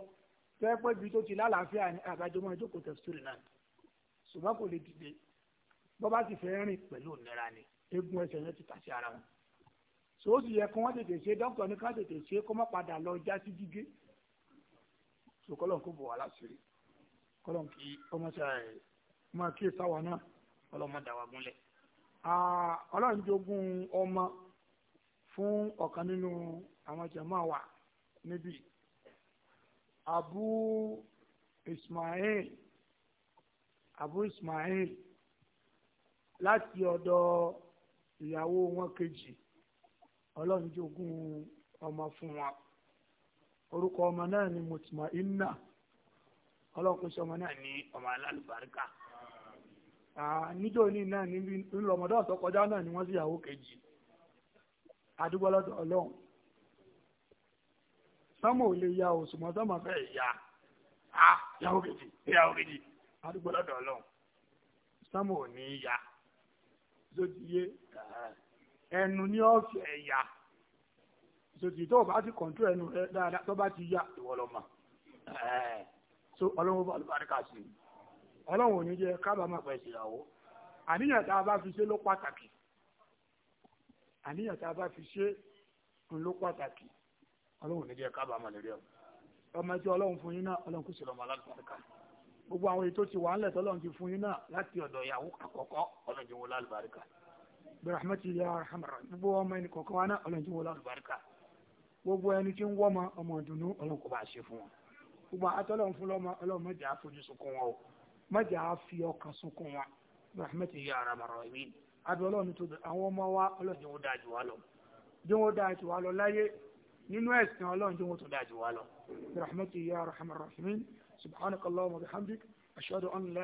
tó ẹ pé ibi tó ti lálàáfíà ní àbájọmọ́ ìjókòó tẹ̀sítórì náà ṣùgbọ́n kò lè dìde bọ́ bá ti fẹ́ rìn pẹ̀lú òmìnira ni eegun ẹsẹ̀ yẹn ti tà sí ara wọn so ó sì yẹ kí wọ́n tètè ṣe dókítà ní ká tètè ṣe kó má padà lọ já sí gígé so kọ́lọ̀ kó bọ̀ wá láṣìírí kọ́lọ̀ kí ọmọ ṣe ẹ̀ máa kí sáwa náà ọlọ́mọ dàwa gúnlẹ̀ ọlọ́run jogún ọmọ fún ọ̀kan nínú àwọn jẹ̀mọ́ wa níbí abu ismail abu ismail láti ọ̀dọ̀ ìyàwó wọn kejì ọlọ́run ọmọ fún wa orúkọ ọmọ náà ni mutmainna ọlọ́run ọmọ náà ni ọmọ alálùbáríkà níjọ́ náà níbi ńlọmọdọ́ kọjá náà ni wọ́n kejì ọlọ́run sánmà ò lè ya òṣùmọ̀ sánmà fẹ́ ya a yàwó kejì yàwó kejì àdúgbò lọ́dọ̀ ọlọ́run sánmà ò ní ya zotiye ẹnu ní ọ̀fẹ́ ẹ̀yà zòtì tó o bá ti kọ̀ǹtú ẹnu rẹ dáadáa tó bá ti yá ìwọ lọ́mọ so ọlọ́run bá alùbáríkà sí i ọlọ́run ò ní jẹ́ kábàámà pẹ̀ síyàwó àníyàn tá a bá fi ṣe ló pàtàkì àníyàn tá a bá fi ṣe ló pàtàkì ọlọ́run ní jẹ́ kábàámọ̀ lérí ọ̀ ọmọ tí ọlọ́run fún yín náà ọlọ́run kò sí lọ́mọ alálùbáríkà gbogbo àwọn ètò ti wà ń lẹ̀tọ́ ọlọ́run ti fún yín náà láti ọ̀dọ̀ ìyàwó àkọ́kọ́ ọlọ́run ti wọ́n lálùbáríkà bẹ̀rẹ̀hàmẹ́tì ya rahamara gbogbo ọmọ ẹni kọ̀ọ̀kan wa náà ọlọ́run ti wọ́n lálùbáríkà gbogbo ẹni tí ń wọ́mọ ọmọ ìdùnnú ọlọ́run kò bá ṣe fún ya rahamara ìwé adúlọ́run tó àwọn ọmọ wa ọlọ́run ti wọ́n dáa jù nínú ẹ̀sìn ọlọ́run tí wọ́n tún dájú wa lọ. rahmatu ya rahman rahimin subhanakallah wa bihamdik ashhadu an la